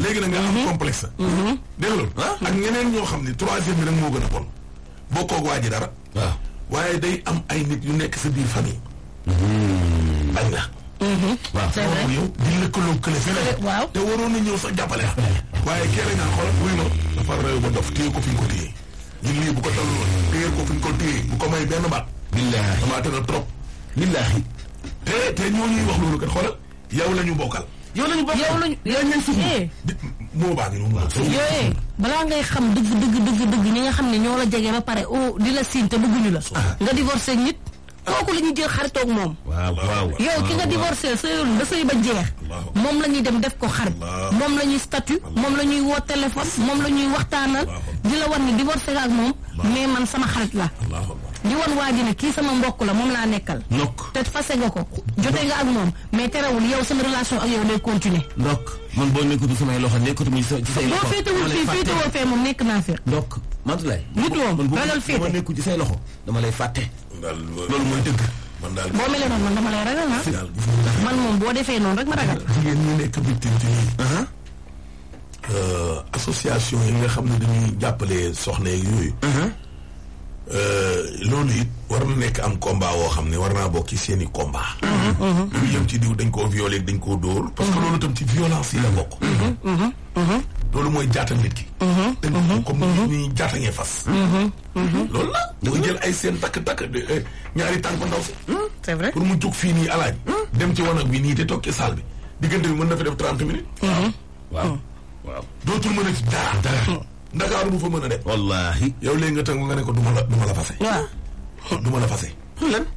léegi nag nga am complexe dégg loolu ak ñeneen ñoo xam ne troisième bi nag moo gën a bon bokkoog waa ji dara waaw waaye day am ay nit yu nekk sa biir famille bañ la waaw foofu yow di lëkkaloo kële feneen. waaw te waroon na ñëw sax jàppale ah. waaye kii la ñu naan xoolal wuy dafa rew ba dof téye ko fi ñu ko téye. ñun lii bu ko daloon téye ko fi ñu bu ko may benn baat. billaahi trop. billaahi. te te ñoo ñuy wax loolu kat xoolal yow la ñu bokkal. yow la ñu bokkal yow la ñu yow la ñu suuf moo baa ngi noonu. yooyee eh, balaa ngay xam dëgg dëgg dëgg dëgg ñi nga xam ne ñoo la jege ba pare oh di la siin te bëgguñu la. Ah. nga divorcé nit kooku ko ñuy jël xaritoog moom. waaw waaw yow ki nga divorcé sa yoon ba sëy ba jeex. moom la ñuy dem def ko xarit. moom la ñuy statut moom la ñuy woo téléphone moom la ñuy waxtaanal. di la wan ni divorcé ak moom. mais man sama xarit la di wan waa ji kii sama mbokk la moom laa nekkal. ndokk te fase nga ko. jotee nga ak moom mais terewul yow sama relation ak yow day continuer ndokk man boo nekkutu samay loxo nekkatuma ci sa ci loxo. boo féetewul fii féetewoo fee moom nekk naa fi. ndokk man man nekku ci say loxo dama lay fàtte. daal loolu mooy dëgg. man daal boo melee noonu man dama lay ragal ah. man moom boo defee noonu rek ma ragal. jigéen ñi nekk victime ci uh-huh. euh, association yi nga xam ne dañuy jàppale soxna yeeg yooyu. Uh-huh. Euh, loolu it war na nekk am combat woo xam ne war naa bokk ci seeni i combat. Uh-huh. lu yem ci diw dañ koo violé dañ koo dóor. parce que loolu tam ci violence yi la bokk. loolu mooy jaata nit ki. dañ mhm, mhm, comme ni mhm. ñuy jaata ngee fas. loolu la. da nga jël ay seen takk takk eh, ñaari tànk ndaw si. Hmm, pour mu jóg fii nii alaaj hmm. dem ci wanag bi nii te toog ci salle bi diggante bi mën na fi def trente minutes. Hmm. waaw waaw dootul mën a fi dara dara. ndakaaru bu fa mën a dem. wallaahi yow léegi nga tànku nga ne ko du ma la du ma la fase. waaw du la fase.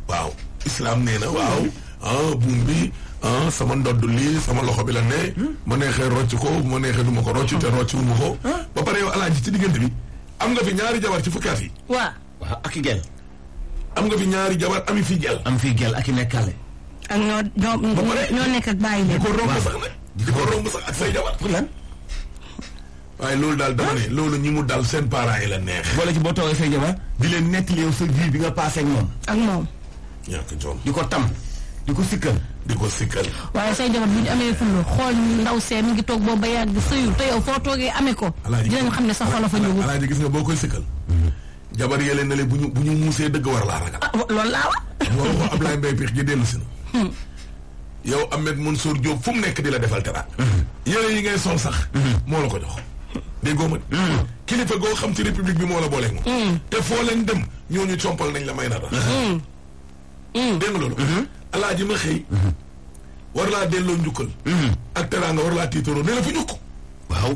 waaw islam nee waaw. ah buum bi ah, sama ndodd lii sama loxo bi la ne. Hmm? ma neexee rocc ko ma neexee du ko rocc te rocc wu ma ko. Hmm? ba pare yow alaaji ci diggant bi am nga fi ñaari jabar ci fukkaat yi. waaw nga fi ñaari jabar ami fi gel. am fi gel ak i nekkaale. ak ñoo ñoo ñoo nekk ak bàyyi leen. ko romb sax nag di ko romb sax ak say loolu daal dama loolu ñi mu dal seen parents yi la neex. wala ci boo toogee say jabar di leen nettali yow sa vie bi nga passé ak moom. ak moom. ñàkk jom di ko tam. di ko sikkal di ko sikkal waaye say jabar bu ñu amee fulla xool ndaw see mi ngi toog boobu ba yàgg sëyul te yow foo toogee amee ko dinañ xam ne sa xolo fa ñëwul alaaji gis nga boo koy sikkal jabar yelee na bu ñu bu ñu muusee dëgg war laa ragal ah, loolu laa wax moo ko <laughs> Ablaye Mbaye Pix ji dellu si na hmm. yow Ahmed Mansour Diop fu mu nekk di la defal teraat hmm. yére yi ngay sol sax hmm. moo la ko jox déggoo ma kilifa goo xam ci république bi moo la booleeg moom te foo leen dem ñooñu compal nañ la may na Mm. dégg nga loolu. Mm-hmm. alaaji ma xëy. Mm-hmm. war laa delloo njukkal. Mm-hmm. ak teraanga war laa tiitaroo ne la fu ñukk waaw.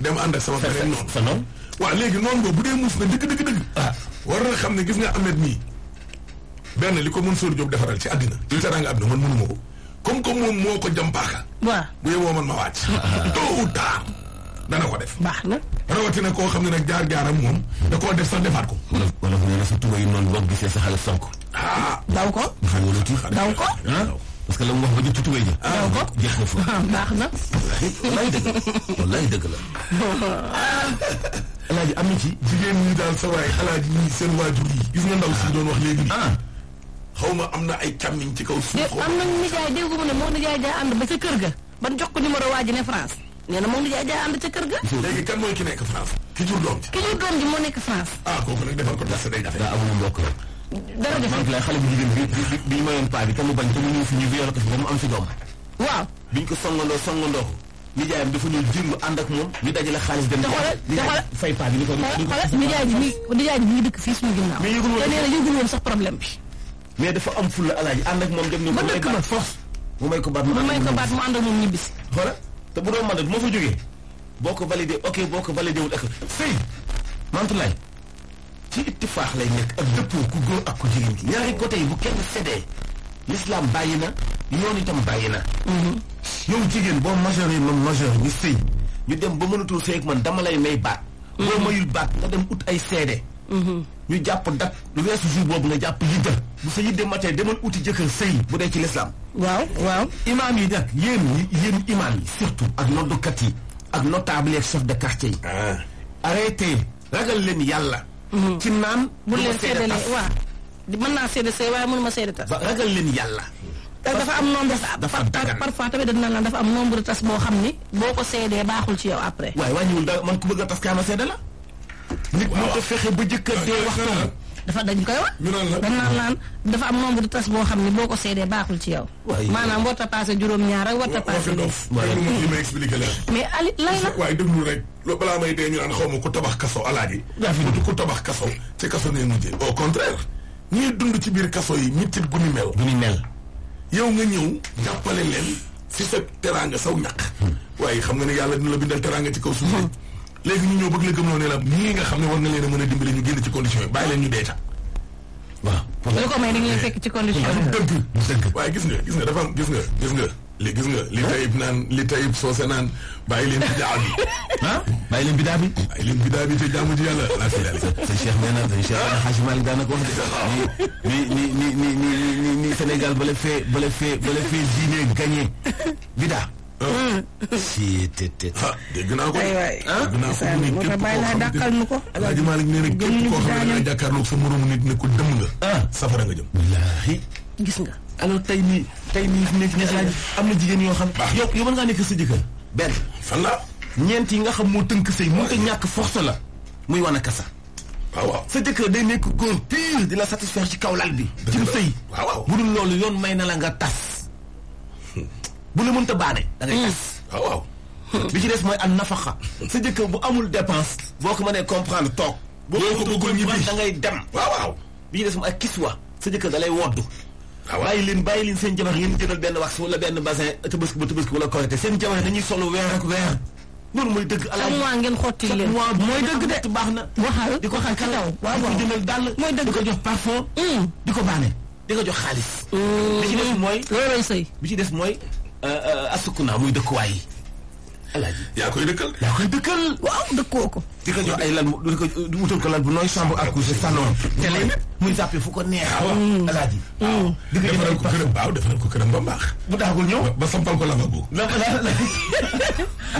dem ànd ak sama beneen noonu sa noonu. waaw léegi noon boobu bu dee muus na dëgg dëgg dëgg. war na xam ne gis nga Ahmed mii. benn li ko mën soo Diop defaral ci àddina. ci mm. teraanga am na man mënuma ko. comme que moom moo ko jàmpaaka. waaw bu yeboo man ma wàcc. Ah. tôt ou dana ko def. baax na. rawatina koo xam ne nag jaar jaaram moom. da koo def sax defaat ko. wala wala mu ne la sa tuba daw ko. xam nga tuuti daw ko. Ah, parce que la mu wax ba jot ci tubéy ja. daw ko jeex na fa. Ah, baax na. wallaay dëgg la wallaay dëgg la. <laughs> alaaji am na ci. jigéen ñi daal sa waay alaaji ñi seen waajur yi. gis nga ndaw si doon wax léegi nii. Ah. xaw ma am na ay càmmiñ ci kaw. suuf xaw ma am na nijaay déggu ma ne moom nijaay jaa ànd ba ca kër ga. ban jox ko numéro waa ji ne France. nee na moom nijaay jaa ànd ca kër ga. léegi kan mooy ki nekk France. ki jur doom ji. moo nekk France. ah kooku nag defal ko tas day jafe. daa amul mbokk rek. dara jafe man xale jigéen bi bi ñu mayoon paa bi te mu bañ te mu ñëw fi ñu violé ko fi ba mu am fi doom. waaw bi ñu ko songandoo songandoo ko nijaayam dafa ñëw jënd ànd ñu dajale xaalis dem. te xoolal te xoolal bi ni ko. xoolal nijaay bi mi nijaay bi mi ngi dëkk fii suñu ginnaaw. mais yëgul woon sax problème bi. mais dafa am fulla alaaji ànd ak moom dem na. ba dëkk ba force mu may ko baat mu ànd ak moom ñibbisi xoolal te bu doon mën a bu ma fa jógee boo ko validé ok boo ko validé wul ak sëy mantulaay ci ittifaax lay nekk ak dëppoo ku góor ak ku jigéen ki ñaari côté yi bu kenn séddee l'islam bàyyi na yoon itam bàyyi na mhm. yow jigéen boo majeur ma man majeur ñu sëy ñu dem ba mënatul sëy ak man dama lay may baat mhm. boo mayul baat nga dem ut ay seede mhm. ñu jàpp dat lu weesu jour boobu nga jàpp yidda bu sa yidde matee demal uti jëkkër sëy bu dee ci l'islam waaw waaw imaam yi nag yéen yéen imaam yi surtout ak noddukat yi ak notable yeeg chef de quartier yi ah. arrêté ragal leen yàlla ci naan bu leen seedale waaw mën naa seede say waaye mënuma seede tas ragal leen yàlla dafa am nombre parfois tamit dañ naan dafa am nombre tas boo xam ni boo ko seedee baaxul ci yow après waaye wàññiwul da man ku bëgg a tas kaama seede la nit fexe ba jëkkër dee waxtoom dafa koy wax dañ naan naan dafa am nombre tas boo xam ne boo ko seedee baaxul ci yow maanaam warta passé juróom-ñaar ak warta passé mais ali lay la waaye déglu rek loolu balaa may dee ñu naan xaw ma ku tabax kaso alaaji. jafe ku tabax kaso ci kaso nee mujjee. au contraire ñuy dund ci biir kaso yi mettit gu ni mel. gu ni mel. yow nga ñëw jàppale leen si sa teraanga saw ñaq. waaye xam nga ne yàlla dina la bindal teraanga ci kaw suuf léegi ñu ñëw bëgg la gëmloo ne la ñii nga xam ne war nga leen a mën a dimbali ñu génn ci condition yi bàyyi leen ñu deeta waaw. lu ko may dañuy fekk ci condition yi. dëgg dëgg waaye gis nga gis nga dafa gis nga gis nga. li gis nga li tayib naan li tayib soose naan leen bidaa bi ah bàyyi leen bidaa bi <laughs> bàyyi leen bidaa te jaamu ci yàlla la fi daal sa cheikh nee na sa cheikh xaaj Malick daanaka wax de ni ni ni ni ni bidaa si te te te. ah dégg naa ko. aywaay saa yi moo tax bàyyi laa dàqal nu ko. Alaaji sa moromu nit ne ko dem ah. safara nga jëm. wallaahi gis nga. alors tey mii tey nii nekk ñax am na jigéen yoo xam. yow yow mën ngaa nekk sa jëkkër. benn fan la. ñeent yi nga xam moo tënk sëy mënut a ñàkk force la muy wane a kasa. waaw waaw sa jëkkër day nekk góor pire di la satisfaire ci kaw lal bi. ci sëy waaw bu dul loolu yoon may na la nga tas. Hmm. bu la mënta baane. da ngay tas hmm. waaw waaw. Hmm. bi ci des mooy an nafaqa. sa jëkkër bu amul dépense. boo ko mënee comprendre toog. boo ko bëggul ñibbi da ngay dem. waaw waaw bi ci des mooy ak wa sa jëkkër da lay woddu. Ah bàyyi leen bàyyi leen seen jabar ngeen jëndal benn wax wala benn basin tabaski ba tabaski wala korité seen jabar yi dañuy solo weer ak weer. loolu mooy dëgg ala chaque mois ngeen xotti leen mooy dëgg na. waxal di ko xal ka daw waaw waaw di ko jëndal di ko jox parfum. Hmm. di ko baane di ko jox xaalis. li hmm. ci des mooy. looloo sëy bi ci des mooy euh, euh, muy dëkkuwaay yi. alaaji yaa koy dëkkal. yaa koy dëkkal. waaw dëkkoo ko. di ko jox ay lal di ko wutal ko lal bu nooy chambre à coucher salon. te lay muy sàppee fu ko neex. Ah, waaw mm. alaaji. waaw ah. mm. defaral ko këram waaw defaral ko këram ba mbaax. bu taxagul ñëw ba sampal ko lavabo. <laughs>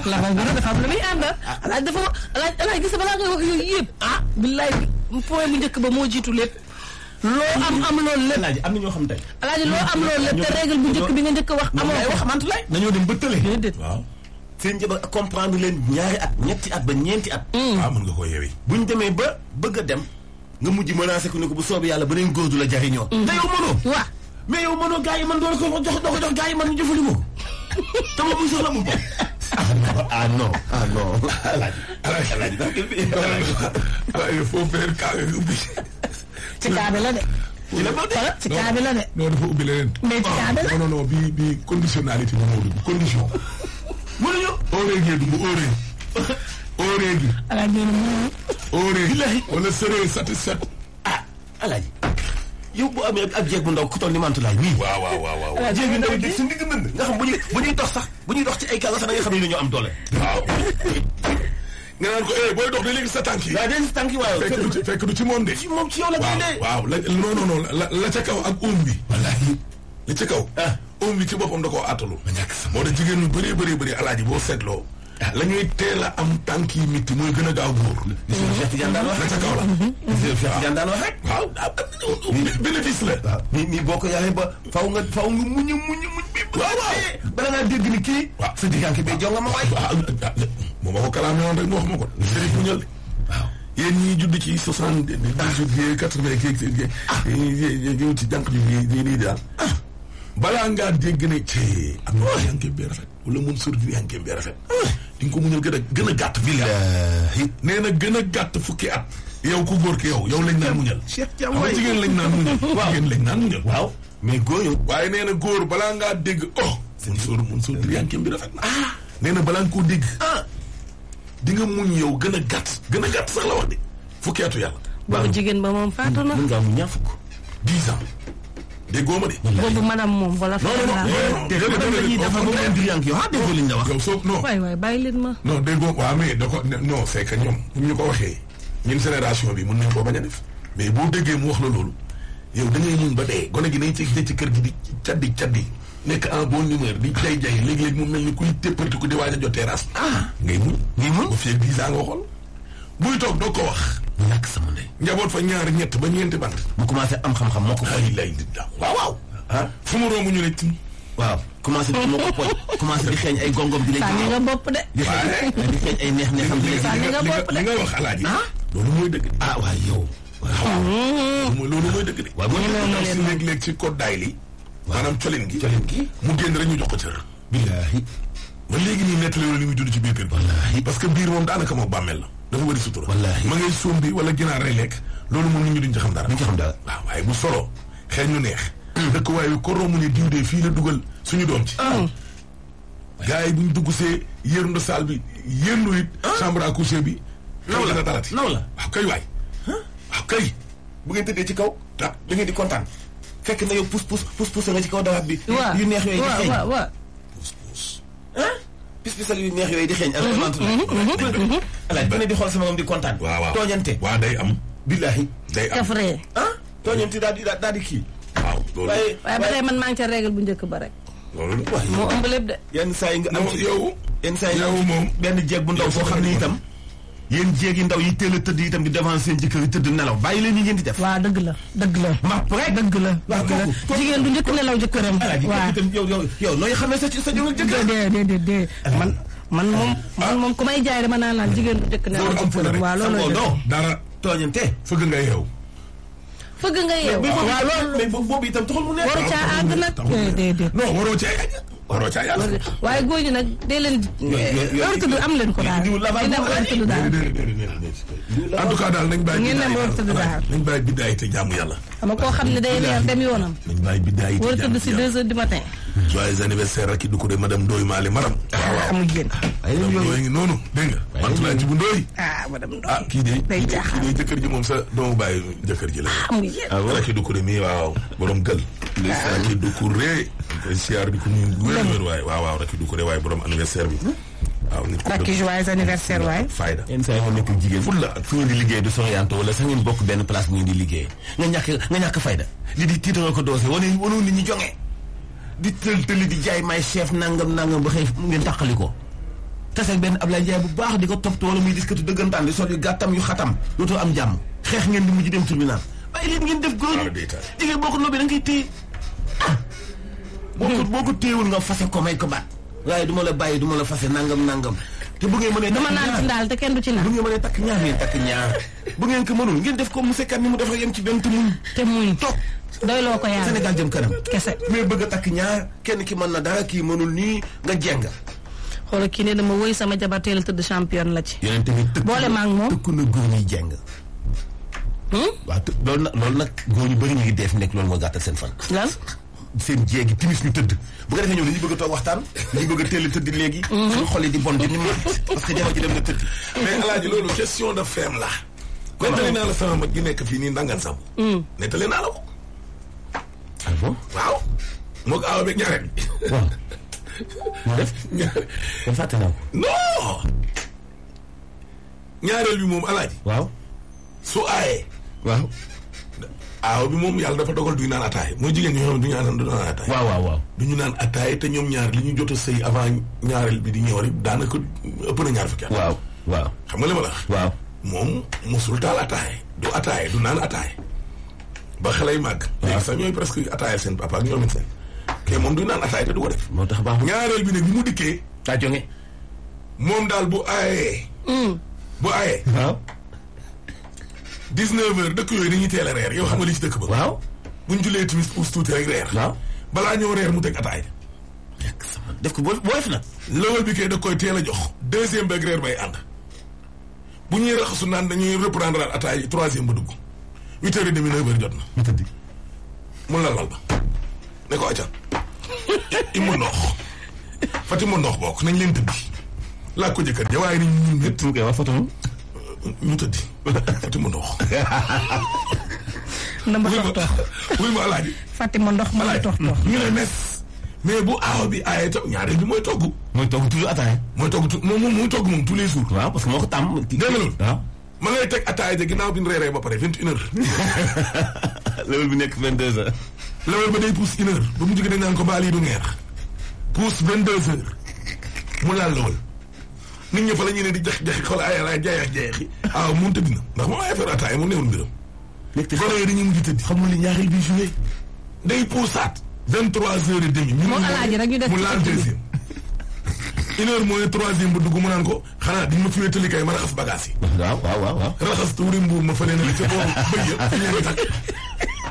lavabo dafa am lu muy ànd. Ah. alaaji dafa alaaji alaaji gis nga balaa ngay wax yooyu yëpp. ah billaay point bu njëkk ba moo jiitu lépp. loo am am loolu lépp alaaji am ñoo xam tey. alaaji loo am loolu lépp te règle bu njëkk bi nga njëkk wax amoo wax mantu lay. nañoo dem ba tële. seen jabar comprendre leen ñaari at ñetti at ba ñeenti at. waaw mm. ah, mën nga koo yeewee. bu ñu demee ba bëgg a dem nga mujj menacé ku ne ko bu soobee yàlla beneen góor du la jariñoo. Mm. te yow mënoo. waaw yow mënoo gars yi man doon ko jox dox jox gars yi man ñu jëfandikoo <laughs> te moom bu soxla mu bopp. ah non ah non ah, <laughs> alaaji bi la de. ci la boobu bi la de. non dafa ubbi leneen. mais moo dugg condition. óoreegeedu mu óoree óoreegi óoree wala sëree sati sat ah alaaji yow bu amee ak jeeg bu ndaw ku toll ni mantulaay mii waaw waaw waaw waaw jeeg bu ndaw bi su ndigg mën nga xam bu ñuy bu ñuy dox sax bu ñuy dox ci ay kàlla sax da nga xam ne dañoo am doole waaw nga naan ko eh booy dox de léegi sa tànk yi. waaw léegi sa tànk yi waaw. fekk du ci fekk du ci moom de. ci moom ci yow la. waaw waaw la non non non la ca kaw ak oom bi. wallaahi la ca kaw. Ah. om bi ci boppam da koo attalu moo tax jigéen ñu bëree bëri bëri alaaji boo seetloo la ñuy teel a am tànk yi mitti mooy gën a gaaw góor la ca kaw la jandaan wax rek waaw bénéfice la ni nii boo ko yaayee ba faw nga faw nga muñu muñu muñ bi waaw waaw bala ngaa dégg ni kii waaw sa digganke bay jonga ma waay moom ma ko kalaamee woon rek mu wax ma ko sëriñ muñal waaw yéen ñii judd ci soixante dix-huit quatre-vingt ci jànq ji lii daal balaa ngaa dégg ne ci eh, am na yaa ngi koy rafet wala mun surtout yaa ngi koy rafet di ko muñal gën gën a gàtt billahi nee na gën a gàtt fukki at yow ku góor ki yow yow lañ naan muñal ama jigéen lañ naan muñal jigéen lañ naan muñal waaw mais góor yow waaye nee na góor balaa ngaa dégg oh mun suur mun suur yaa ngi koy rafet na ah. nee na balaa nga koo dégg ah. di nga muñ yow gën a gàtt gën a gàtt sax la wax de fukki atu yàlla waaw jigéen ba moom faatu na mun ngaa muñ ñaar fukk déggoo ma de. boobu madame moom wala. non non non te yow liñ la wax. yow soo non waay waay bàyyi leen ma. non déggoo waaw mais da ko non c'est que ñoom ñu ko waxee ñun génération bi mën nañ koo bañ a def mais boo déggee mu wax la loolu yow da ngay muñ ba dee gone gi nañ ci ci kër gi di caddi caddi nekk en bonne humeur di jay jay léeg-léeg mu mel ni kuy tépparti ku di waaj a jot terrasse. ah ngay muñ. ngay muñ bu fekk 10 ans nga xool buy toog doo ko wax mu ñàkk sama ndey. njaboot fa ñaari ñett ba ñeenti bant. mu commencé am xam-xam moo ko poñ. lay waaw waaw. ah fu mu romb ñu ne ci. waaw commencé di commencé di ay gongom di leen. sànni ay neex neexam di li nga wax alaaji. Ah? loolu mooy dëgg de. ah yow. waaw hmm. loolu mooy dëgg de. waaw bu ñu si léeg lekk ci code daay li. waaw maanaam colin gi. colin gi mu génn rek ñu jox ko cër. billaahi. ba léegi nii nettali li muy dund ci biir kër gi. parce que biir moom daanaka moo bàmmeel la dafa bëri sutura. wallaahi ma ngay sombi wala ginaar lay lekk loolu moom nit ñi duñ xam dara. duñ ci xam dara waaw waaye bu solo xëy ñu neex. Hmm. dëkk waaye ko romb ne diw de fii la dugal suñu doom ci. Hmm. gars bi buñ dugg see yéeru saal bi yéeru it. Hmm. chambre à coucher bi. naw la dalati naw la waaw kay waay. waaw kay bu ngeen tëddee ci kaw ah. da ngeen di kontaan. fekk na yow pousse pousse pousse pousse nga ci kaw dalaat bi. yu neex yooyu ñu xëy. pousse pis pisal yu neex yooyu di xeeñ. Mhm, mhm, mhm, alaaj ba ne di xool sama moom di kontaan. waaw waaw waaw day am. billaahi day am tafree. ah tooñante kii. waaw loolu waaye ba tey man maa ca règle bu njëkk ba rek. loolu moo ëmb lépp de. yenn saa yi nga am ci yow. yenn saa yi yow moom benn jeeg bu ndaw foo xam ni itam. yéen jéeg yi ndaw yi teel a tëdd yi itam di devant seen jëkkër yi tëdd nelaw bàyyi leen yi ngeen di def. waaw dëgg la dëgg la. mbapp rek dëgg la. waaw kooku jigéen du njëkk nelaw jëkkëram. waaw itam yow nooy xamee sa sa jëkkër. déedéet déedéet man man moom ah. man moom ku may jaay dama naan naan jigéen du njëkk nelaw jëkkëram. waaw loolu la dara tooñante fëgg nga yeew fëgg de yeew waaw loolu mais boobu itam taxul mu nekk. waru caa àgg waroo caa yàlla. waaye góor ñi nag dee leen. ortudu am leen ko daal. ortudu daal. en tout cas daal nañ bàyyi. ngeen dem ortudu daal nañ bàyyi biddaay te jaamu yàlla. xam nga koo xam ne day leer dem yoonam. nañ bàyyi biddaay te jaamu yàlla ortudu si deux heures du matin. joyeux anniversaire ak du ko de madame Ndoye Mali maram ah, waaw mu génn ah, madame Ndoye ngi noonu dégg nga Mantoulaye Djibou Ndoye ah, kii de kii de jëkkër ji moom sa doomu bàyyi jëkkër ji la rakki du ko de mii waaw borom gël rakki du ko ree siyaar bi ko ñu wér wér waay waaw waaw rakki du ko borom anniversaire bi waaw nit ku dëkk joyeux anniversaire waay. fayda yenn saa yi nga la fu du soxyaante wala sax ngeen benn place bu ngeen di liggéey nga ñàkk nga ñàkk fayda li di tiitaroo ko doose wane wane nit ñi joŋee. di tëltëli di jaay may chef nangam nangam ba mu ngeen tàqali ko taseeg benn Ablaye Ndiaye bu baax di ko toppatoo wala muy diskatu dëggantaan di sol yu gàttam yu xatam dootoo am jàmm xeex ngeen di mujj dem tribunal waaye lépp ngeen def góor jigéen boo ko nobbee da nga koy téye boo ko boo ko téyewul nga fase ko may ko baat waaye duma la bàyyi duma ma la fase nangam nangam te bu ngeen mënee takk dama naan ci ndaal te kenn du ci naan. bu ngeen mënee takk ñaar ngeen takk ñaar bu ngeen ko mënul ngeen def ko mu sekkat ni mu dafa ci benn te muñ. te muñ toog. doyloo ko yàlla Sénégal jëm kanam. kese mais bëgg a takk ñaar kenn ki mën na dara kii mënul nii nga jeng. xoolal kii ne dama woy sama jabar teel a tëdd champion la ci. yeneen tamit tëkk boole maa ngi moom tëkku na góor ñuy jeng. Hmm? loolu nag loolu nag góor ñu bëri ñu ngi def nekk loolu moo gàttal seen fan. lan. seen jéegi timis ñu tëdd bu ko defee ñoom dañuy bëgg a toog waxtaan dañuy bëgg a teel a tëdd léegi mhm. suñu xol yi di bon di ni mat parce que jabar ji dem na tëdd mais alaaji loolu question de femme la ah nettali naa gi nekk fii nii ndangan sabu mm. nettali naa la ko ah waaw moo ko aawa beeg ñaareel bi waaw <laughs> fàtte naa moom alaaji waaw su aayee waaw aaw bi moom yàlla dafa dogal duñu naan ataay mooy jigéen ñi ñoom duñu naan du naan ataay waaw waaw naan ataay te ñoom ñaar li ñu jot a sëy avant ñaareel bi di ñëw rek daanaka ëpp na ñaar fukki waaw xam nga li ma la waaw moom mosul taal ataay du ataay du naan ataay ba xale yi màgg léegi sax ñooy presque ataayal seen papa ak ñoom seen moom du naan ataay te du ko def moo tax baax ñaareel bi nag bi mu dikkee daa jonge moom daal bu aayee mm. bu aayee 19 heures dëkk yooyu dañuy teel a reer yow xam nga li ci dëkk ba. waaw bu ñu jullee timis us tuuti rek reer. waaw balaa ñëw reer mu teg ataay. def ko boo boo def nag. lëwal bi kay da koy teel a jox. deuxième beeg reer bay ànd bu ñuy raxasu naan dañuy reprendre laal ataay troisième ba dugg huit heures et demi neuf jot na. mu tëdd mun la lal ba ne ko acca <laughs> i mu ndox fati bokk nañ leen tëddi laa ko jëkkër ja waaye nañ ñun ñett. mu koy wax photo ñu tëddi. Fatima Ndox. <laughs> ndamba tox tox wuy ma alaaji. Fatima Ndox ma lay tox tox. ñu ne mes. mais bu aaw bi aayee toog ñaareel bi mooy togg. mooy togg toujours ataaya. mooy togg tu moom moom muy togg moom tous les jours. waaw parce que moo ko tam dégg nga loolu waaw. ma lay teg ataaya ja ginnaaw bi ñu reeree ba pare vingt une heure. <laughs> level bi nekk vingt deux heures. level ba day pousse une heure ba mu jógee dañ naan ko baal yi du ngeer pousse vingt deux heures mu laal lool. nit ñëpp la ñuy ne di jax jaxi xool ay ay jaayax jaayaxi ah moom tëdd na ndax moom ay affaire ataaya moom neewul mbiram. léegi golo yi dañuy mujj tëdd. xam ni li ñaaxil bi joué day puusaat. vingt trois heures et demi. moom alaaji rek ñu def mu laal deuxième. <laughs> une heure mooy troisième ba dugg mu ko xanaa di ma fi wéetali kay ma raxas bagages yi. waaw waaw waaw. raxas tuuri mbuur ma fa leen a ca boobu <laughs> bëgg yëpp fi ñu takk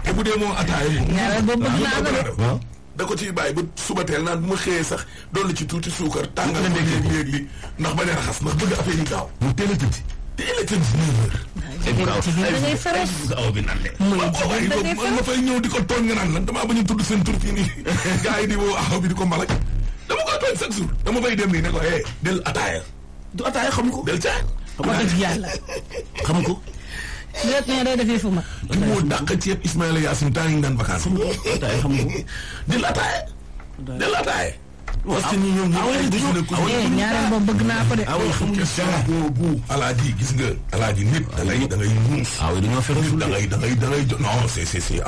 te bu dee moo ataaya moom. waaw waaw da ko ciy bàyyi ba suba teel naan bu ma xëyee sax doon na ci tuuti suukar. tàngal ko léeg-léeg li ndax ba ne raxas ndax bëgg affaire yi gaaw. mu teel a tëdd. teel a tëdd gaaw bi nan de. man ma fay ñëw di ko tooñ nga naan lan damaa bañ a tudd seen tur fii nii gars yi di woo aw bi di ko malak dama koy tooñ chaque jour dama fay dem nii ne ko eh del ataaya du ataaya xam ko del caa xam nga yàlla xam ko lépp ne day defee fu mag. di moo dàq ceeb Ismaïla Yacine temps yi ñu daan vacances. dil ataaye dil ataaye parce que ñi bëgg naa ko de. awul xamuñu dara boobu. gis nga alaaji nit. da ngay da ngay muus. ah oui dañoo féroce da ngay da ngay da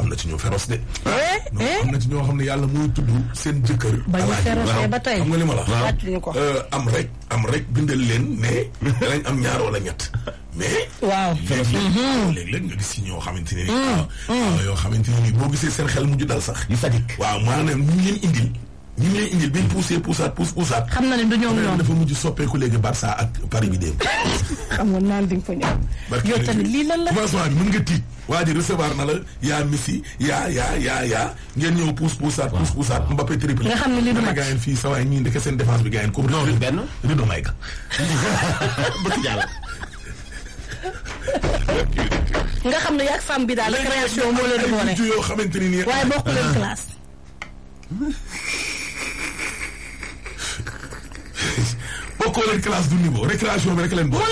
am na ci ñoo féroce de. Eh, eh. am na ci ñoo xam ne yàlla mooy tudd seen jëkkër. ba ñu féroce ba tey xam nga li ma euh, am rek am rek bindal leen ne. am ñaar wala ñett. mais. waaw léeg-léeg mm-hmm. nga gis si ñoo xamante ne. Mm-hmm. yoo xamante ne boo gisee seen xel mujj dal sax. yu sadik waaw maanaam ñu ngeen indil ñu ngi lay indil bi ñu poussé poussaat pousse poussaat. xam na ne du ñoom ñoom dafa mujj soppeeku léegi Barça ak Paris bi démb. <laughs> xam di nga fa ñëw. lii lan la. commencement bi mën nga tiit. waa ji recevoir na la yaa Messi yaa yaa yaa yaa ngeen ñëw pousse poussaat pousse poussaat Mbappé triplé. nga xam ne lii fii sa waay ñii ndeke seen défense bi gaayen ko. non du benn du du may jàll. nga xam ne yaa femme bi daal création moo leen boole. waaye bokk leen <laughs> classe. bokkoo leen classe du niveau récréation bi rek leen boole.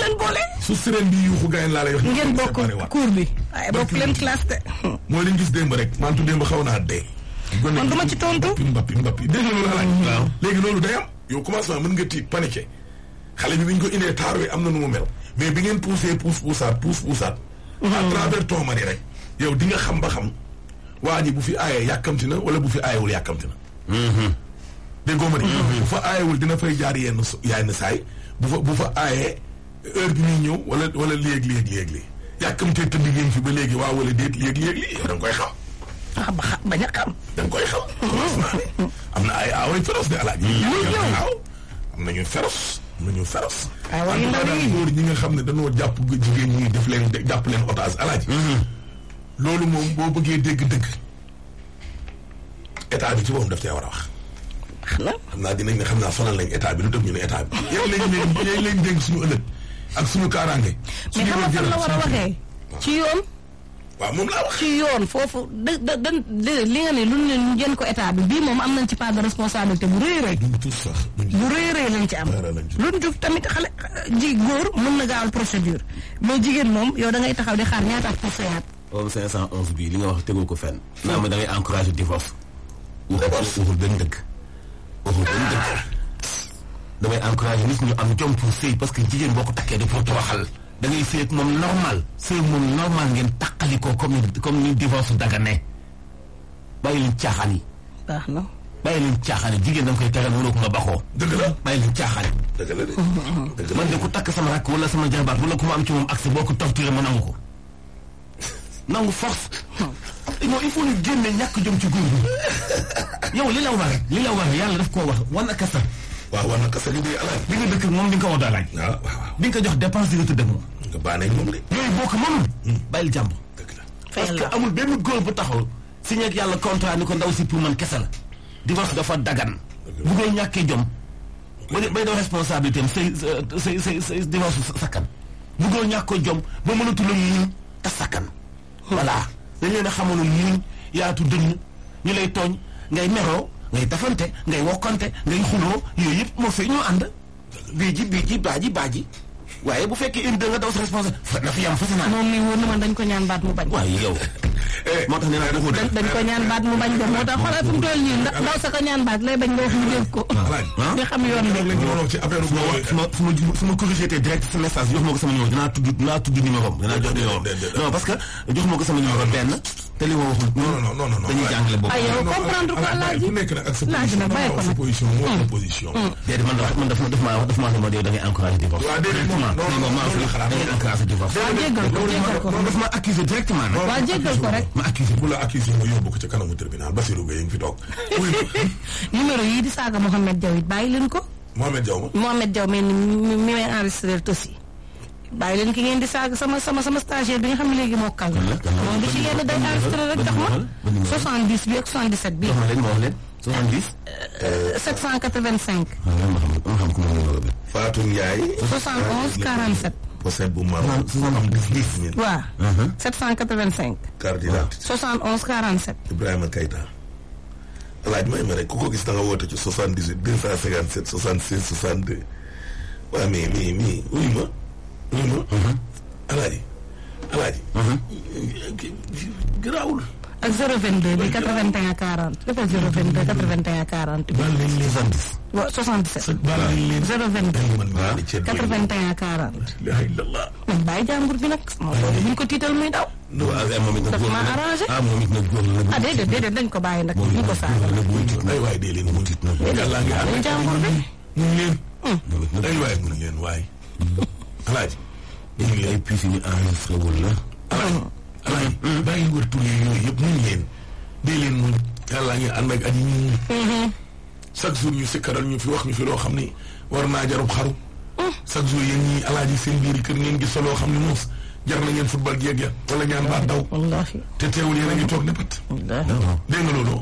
ngeen bokk cours bi. waaye bokk leen classe de. mooy li ñu gis démb rek. maanaam démb xaw naa dee. man duma ci tontu mbappi mbappi mbappi dégg nga loolu laaj. waaw léegi loolu day am. yow commencement mën nga tiit paniqué xale bi bi ñu ko indee taar wi am na nu mu mel mais bi ngeen poussé pousse poussaat pousse poussaat. à mm-hmm. travers ton mari rek. yow di xam ba xam waa ji bu fi aayee yàkkamti na wala bu fi aayewul yàkkamti na mm-hmm. déggoo ma ni mm-hmm. bu fa aayewul dina fay jaar yenn so yaay na saay bu fa bu fa aayee heure bi ñëw wala wala léeg léeg léeg lii yàkkamtee tëdd ngeen fi ba léegi waa wala déet léeg léeg lii koy xam. ah ba xa xam. da koy xam. Mm-hmm. na ay aaway féroce alaaj. yow am na ñu na ñu féroce. aywa nga xam ne dañoo jàpp jigéen ñi def leen jàpp leen otage alaaj. Mm-hmm. loolu moom boo bëggee dégg dëgg état bi ci boppam daf cee war a wax. xam naa xam naa dinañ ne xam naa fanal lañ état bi lu tax ñu ne état bi. <laughs> yéen lañ leen yéen lañ dénk suñu ëllëg ak suñu kaaraange. suñu mais xam nga fan la war a waxee. ci yoon. waaw moom laa wax ci yoon foofu da da da li nga ne lu ne ñu jën ko état bi bii moom am nañ ci part de responsabilité bu rëy rëy. du tuut sax bu rëy rëy lañ ci am. luñ jub tamit xale ji góor mën na gaawal procédure mais jigéen moom yow da ngay taxaw di xaar ñaata at pour seeyaat. oom 511 bii li nga wax tegu ko fenn. naa ma da ngay encouragé divorce. waxul waxul benn dëgg. waxuma benn jëkkër damay encouragé nit ñu am jom pour parce que jigéen boo ko takkee dafa toroxal da ngay sëy moom normal sëy moom normal ngeen takkali ko comme ni comme ni divorce daga ne bàyyi leen caaxaan yi. baax na. bàyyi leen caaxaan yi jigéen da koy teral wala ko nga baxoo. dëgg la bàyyi leen caaxaan yi. <laughs> dëgg la de. man de ku takk sama rakk wala sama jarbaat wala ku ma am ci moom accès boo ko torturé ma nangu ko. nangu force non il faut ñu génne ñàkk jom ci góor bi yow li la war li la war yàlla def koo wax wan ak kasa. waaw wan ak kasa li muy alaaj. li nga dëkk moom di nga ko woo alaaj. Ah, waaw waaw nga ko jox dépense di nga tëdd moom. nga baanee moom de. yooyu boo ko mënul. Hmm. bàyyil jàmbur. parce que amul benn góor bu taxaw. si ñeeg yàlla contrat ko ndaw si pour man kese la. divorce dafa dagan. buggoo ngay ñàkkee jom. bay bay daw responsabilité am say say say say divorce sakkan. bu goo ba mënatul a muñ sakkan. voilà dañ leen a xamaloon muñ yaatu dënn ñu lay tooñ ngay meroo ngay dafante ngay wokkante ngay xuloo yooyu yëpp moo fee ñoo ànd. bii ji bii ji baa ji waaye bu fekkee une deux daw sa responsable moom mi wóor man dañ ko ñaan baat mu bañ. waaw eh. moo tax nee naa mu bañ de moo tax xoolal fu mu toll nii ndaw sa ko ñaan baat lay bañ nga mu dégg ko. Ah. nga xam yoon bi. su ma su ma su ma jox ma ko parce que jox ma ko sama numéro benn. te li ma waxoon. non non non non dañuy jàngale boobu. aywa ah, comprendre ko alaaji nekk nag ak sa position moo position. Mm. Mm. déedéet man dafa man dafa dafa maa dafa maa ne ma da ngay encouragé divorce. waaw déedéet non non non non non non non non non Mohamed Diaw ma Mohamed Diaw mi mi mi may enregistré tos yi bàyyi leen ki ngeen di saaga sama sama sama stagiaire bi nga xam ne léegi moo kal moom bi ci yenn day enregistré rek jox ma 70 bi bi. jox ma leen ma wax leen 70. 785. ma xam ko Fatou Ndiaye. 71 47. poset bu Maroc. 70 waaw 785. carte d'identité 71 47. Ibrahima Keita. laaj may ma rek ku ko gis da nga ci 78 257 66 62. waa mais mais mais wuyu ma. Mhm. alaaji alaaji. Mhm. garaawul. ak 022 bi 81 40 defal 022 81 40. baal nañ leen 77. wa 77. baal nañ leen 022. 81 40. la illallah. man bàyyi jàmbur bi nag. moo tax bu ñu ko tiital muy daw. non ah, moom it nag góor la arrangé. ah moom it nag góor la. ah déedéet déedéet dañ ko bàyyi nag. bu ko saaga nag muy tiit nag waaye dee leen mu tiit nag. yàlla ngi ànd ak jàmbur bi. ñu ngi leen. Mm. aywaay mu ngi leen waay. alaaji. léegi ay puits yu enregistré wul la. alaaji alaaji bàyyi wër tur leen dee leen muñ yàlla ngi ànd ak at yi ñuy muñ. chaque jour ñu sikkaral fi wax ñu fi loo xam ni war naa jarub xaru. Mm. chaque jour yéen ñii alaaji seen biir kër ngeen gis loo xam ni moos. jar na ngeen football ya wala ngeen baat daw te teewul yéen a toog ne pat dégg nga loolu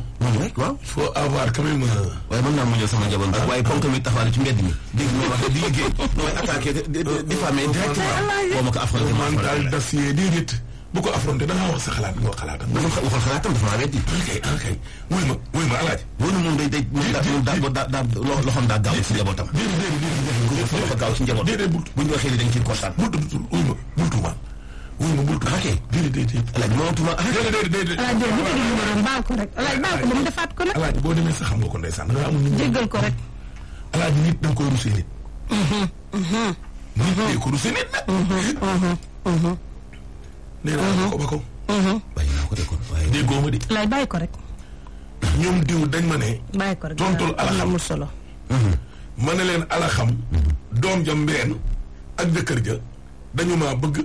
waaw il euh, waaye mën naa muñal sama njaboot ak ah. waaye euh, euh, boo ma ko affronté man daal das yee déedéet bu ko affronté da ngaa wax sa xalaat nga xalaat dafa waxal xalaatam dafa maa weddi kay kay wuy ma wuy ma dañ ciy kontaan wuy ma bul tuumaal wuyu ma bul ko hakkee boo demee sax xam ko ndeysaan da ko rek alaaj nit da nga koy rusee mhm, mhm. ko rusee nit nag ma de ko rek ñoom diw ma ne bàyyi ko rek tontul alaxam mhm. ma ne doom ja mbeen ak jëkkër ja dañu maa bëgg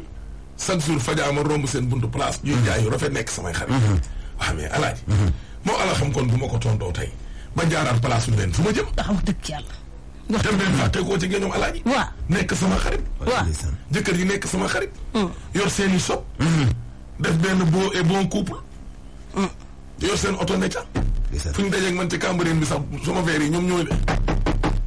chaque jour fajaa ma romb seen buntu place. ñuy jaay yu rafet nekk samay xarit. Mhm. waa mais alaaji. Mhm. moo ala xam kon bu ma ko tontoo tey ba jaaraat place bi leen su ma jëm. wax dëgg yàlla. wax dëgg dem fàtte koo ci gëñoom alaaji. waaw nekk sama xarit. waaw jëkkër yi nekk sama xarit. Mm. yor seeni i sob. Mhm. def benn beau et bon couple. Mm. yor seen oto ne ca. fu ñu dajeeg man ci Cambérène bi sax sama verre yi ñoom ñooy de.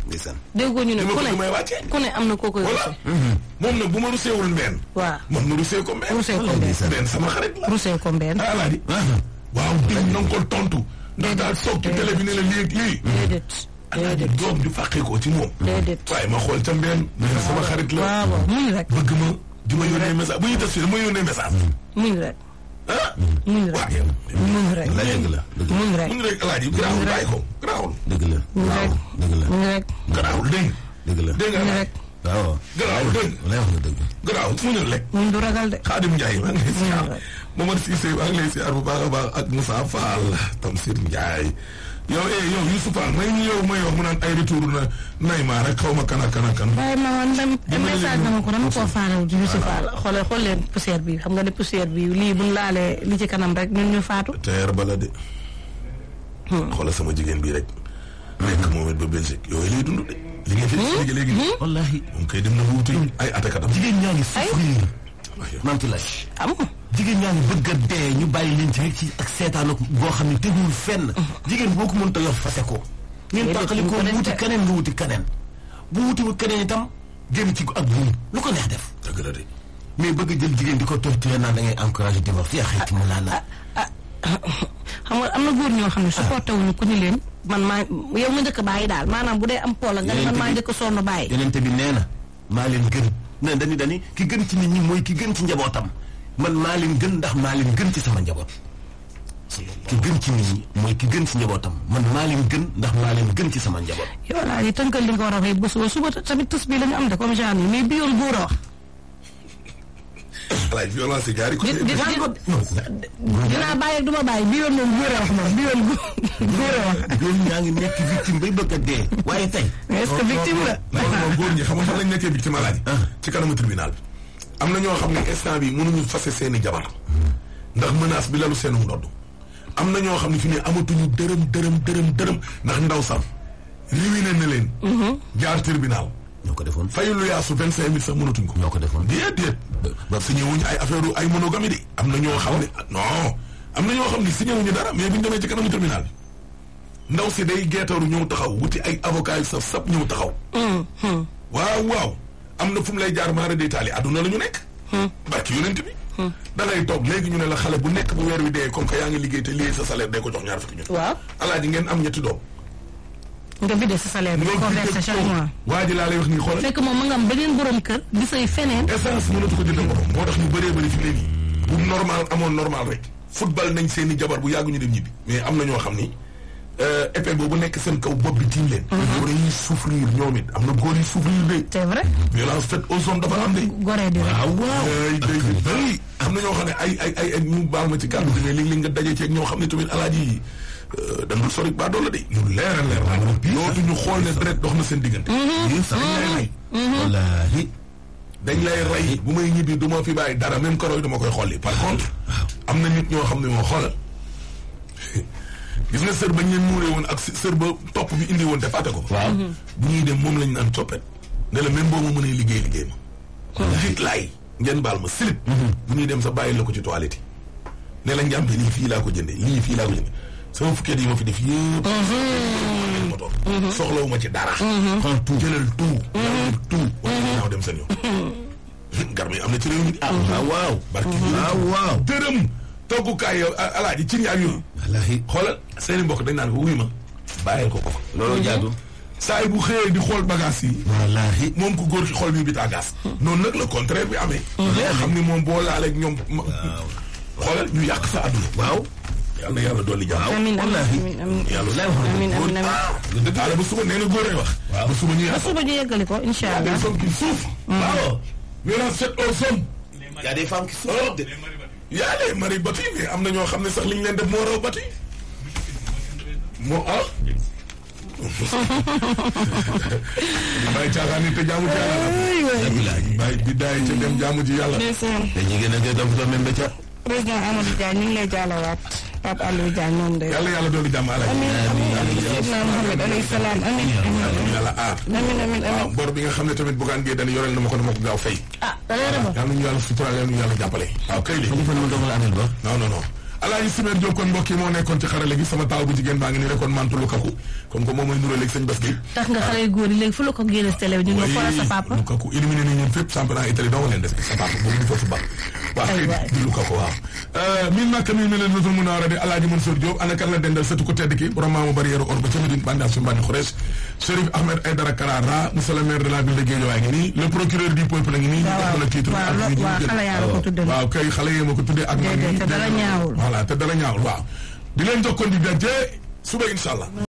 ndeysaan déggoo ñu ne ku ne may wàcce ku ne am na koo koy mm-hmm. moom nag bu ma ruseewul mbeen waaw man ma rusee ko mbeen rusee ko mbeen sama xarit la rusee ko mbeen ah, alaaji mm-hmm. dégg na nga tontu ndax daal soog ci télé bi ne la lii ak lii déedéet déedéet doom ju fàqee ko ci moom déedéet waaye ma xool ca mbeen mbeen sama xarit la waaw muñ rek bëgg ma di ma bu ñuy tas fii dama yónnee message muñ rek ah. muñ rek muñ rek dëgg la muñ rek muñ rek alaaji de. Xaadim Ndiaye maa ngi lay siyaar Momar Cissé bu baax a baax ak Moussa Tamsir Ndiaye. yow eh yow Youssoupha may ñu yow may wax mu naan ay retour na nay maa rek xaw ma kan ak kan ak kan. waaye ma ko dama koo faanal Youssoupha la xoolee xool leen bi xam nga ne poussière bi lii bu ñu laalee li ci kanam rek ñun ñu faatu. teer bala de. Hmm. xoolal sama jigéen bii rek. nekk moom it ba Belgique yooyu eh, lay dund de. li fi hmm? léegi léegi. Hmm? wallaahi moom kay dem na wuute ay atakatam. jigéen ñaa ngi souffrir. man ci lay amu ko jigéen ñaa ngi bëgg a dee ñu bàyyi leen ci rek ci ak seetaan ak goo xam ne tegul fenn jigéen boo ko mënta ta yor fase ko ngeen tàqali ko wuti keneen nga wuti keneen bu wutiwul keneen itam génn ci ak lu ko neex def dëgg la de bëgg jël jigéen di ko torturé naan da ngay encouragé divorce yaa xayti ma laa naa ah, ah, ah. xam nga am na góor ñoo xam ne supporté wuñu ku leen man maa yow nga njëkk bàyyi daal maanaam bu dee am poola nga man maa njëkk sonn bàyyi yeneen na maa leen gën ne dañu dañu ki gën ci nit ñi mooy ki gën ci njabootam man maa leen gën ndax maa gën ci sama njaboot. ki gën ci nit ñi mooy ki gën ci njabootam man maa gën ndax maa leen gën ci sama njaboot. yow laa yi tënkal li nga war a waxee bu suba suba tamit tës bi la am de comme genre mais bi yoon góor a voilà violence ñaari ko dinaa bàyyi du ma bii yoon moom góor a wax bii yoon góor a wax. góor ñaa ngi nekk victime bay bëgg a dee. waaye tey. est ce la. non ñi xam nga lañ nekkee victime alaaji. ci kanamu tribunal bi. na ñoo xam ne instant bi mënuñu fase seeni jabar ndax mënaas bi lalu seenum ndodd am na ñoo xam ni fi ne amatuñu dërëm dërëm dërëm dërëm ndax ndaw sam riwine na leen. jaar tribunal. ñoo defoon fayu lu yaasu vingt cinq mille sax mënatuñ ko ñoo ko defoon déet déet ba signé wuñu ay affaire ay monogamie di am na ñoo xam ne non am na ñoo xam ne signé wuñu dara mais bu ñu demee ci kanamu tribunal bi ndaw si day geetaru ñëw taxaw wuti ay avocat yu saf sap ñëw taxaw hmm, hmm. waaw waaw am na fu mu lay jaar maara day taali àdduna la ñu nekk hmm. barki yonent bi da ngay léegi ñu ne la xale bu nekk bu weer wi dee comme que yaa ngi liggéey te liggéey sa salaire day ko jox ñaar fukki ñun am ñetti doom nga vidé sa salaire bi. conversé chaque mois waa ji laa lay wax nii xoolal. fekk moom ma nga am beneen borom kër. di say feneen. essence mënatu ko jënd borom. moo tax ñu bëree bëri fi léegi. bu normal amoon normal rek. football nañ seen i jabar bu yàgg ñu dem ñibbi. mais am na ñoo xam ni euh, épée boobu nekk seen kaw bopp bi tiim leen. Mhm. góor yi souffrir ñoom it am na góor yi souffrir de. c'est vrai. violence faite aux hommes dafa am de. goree di rek ah waaw waaw. day day bëri. am na ñoo xam ne ay ay ay ñu baal ma ci kàddu gi ne léeg-léeg nga daje ceeg ñoo xam ne tamit alaaji yi Euh, danga sori ba doole de. yu leer a leer la. dootuñu xool ne deret dox na seen diggante. Mhm. yéen sax dañ lay mhm. Mhm. dañ lay rey bu may ñibbi du ma fi bàyyi dara même karo yi dama koy xolli par contre. am na nit ñoo xam ne moo xoolal. gis nga sër bañ leen muuree woon ak sër ba bi indi woon te ko. waaw bu ñuy dem moom lañ naan coppet. ne la boo ma mënee liggéey liggéey ma. njiit laay baal ma silip. bu ñuy dem sa bàyyi la ko ci toilette yi. ne la lii fii laa ko jëndee lii fii laa ko jëndee. sama fukki at yi ma fi def yëpp. moto mhm. soxlawu ma ci dara. prends mhm. tout jëlal tout. tout waaw dem seen yoon. am na ci réew mi ah waaw. barki ah, waaw ah, waaw. dërëm toggukaay yow ah, alaaji ci ñi ak xoolal seen i mbokk dañ naan ko wuy ma bàyyil ko mhm. bu xëyee xool bagages yi. wallaahi moom ku góor ki xool bi noonu nag le contraire bi ame loo xam ne moom boo laaleeg ñoom. waaw xoolal ñu yàq sa àdduna. waaw. yal na yàlla dolli jàmm. amiin amiin amiin amiin amiin yàlla bu suba nee na góor lay wax. waaw bu suba ñu yàlla bu suba ñu yeggali ko incha allah. Mm. des femmes qui souffrent. waaw. Oh. violence faite aux femmes. y a des femmes qui souffrent. y a des maris battus mais am na ñoo xam ne sax li ñu leen def moo raw bati. moo ah. Mbaye <laughs> caaxaan yi te jaamu ci yàlla la. Mbaye biddaay ca dem jaamu ci yàlla. dañuy gën a gën a dem domaine ba ca. président Amadou Dia ñu ngi lay jaalawaat. Pape Alé Dia ñoom yàlla yàlla dolli jàmm alaay. amiin amiin Seydina Mohamed alayhi salaam bi nga xam ne tamit bugaan gee dañu yoreel na ma ko dama ko gaaw fay. ah da ngay demoon yàlla nañu yàlla suturaale yàlla nañu yàlla jàppale. waaw ah, kay de. bu ko fa doon dogal amel ba. non non alaaji Simeer Diop kon mbokk yi moo nekkoon ci xarale gi sama taaw bu jigéen baa ngi nii rek kon mantu lu kaku comme que moom mooy nuroo léegi sëñ bés gi tax nga xale yu góor yi léegi fu la ko génne télé bi ñu nga fora sa papa lu kaku éliminé nañu ñun fépp championnat Italie doo leen def sa papa boobu di fa football waaw euh, di lu kaku waaw min naka mi melen noto mun a war a de alaaji Mansour Diop ana kan la dendal sëtu ko tedd ki borom maamu barrière or ba ca Médine Banda Soumbani Khourech Chérif Ahmed Aïdara Karara monsieur le maire de la ville de Guédiawaye ngi nii le procureur du peuple la ngi nii ñu la titre waaw kay xale yee ma ko tuddee ak voilà te dara ñaawul waaw di leen jox kon dig daje suba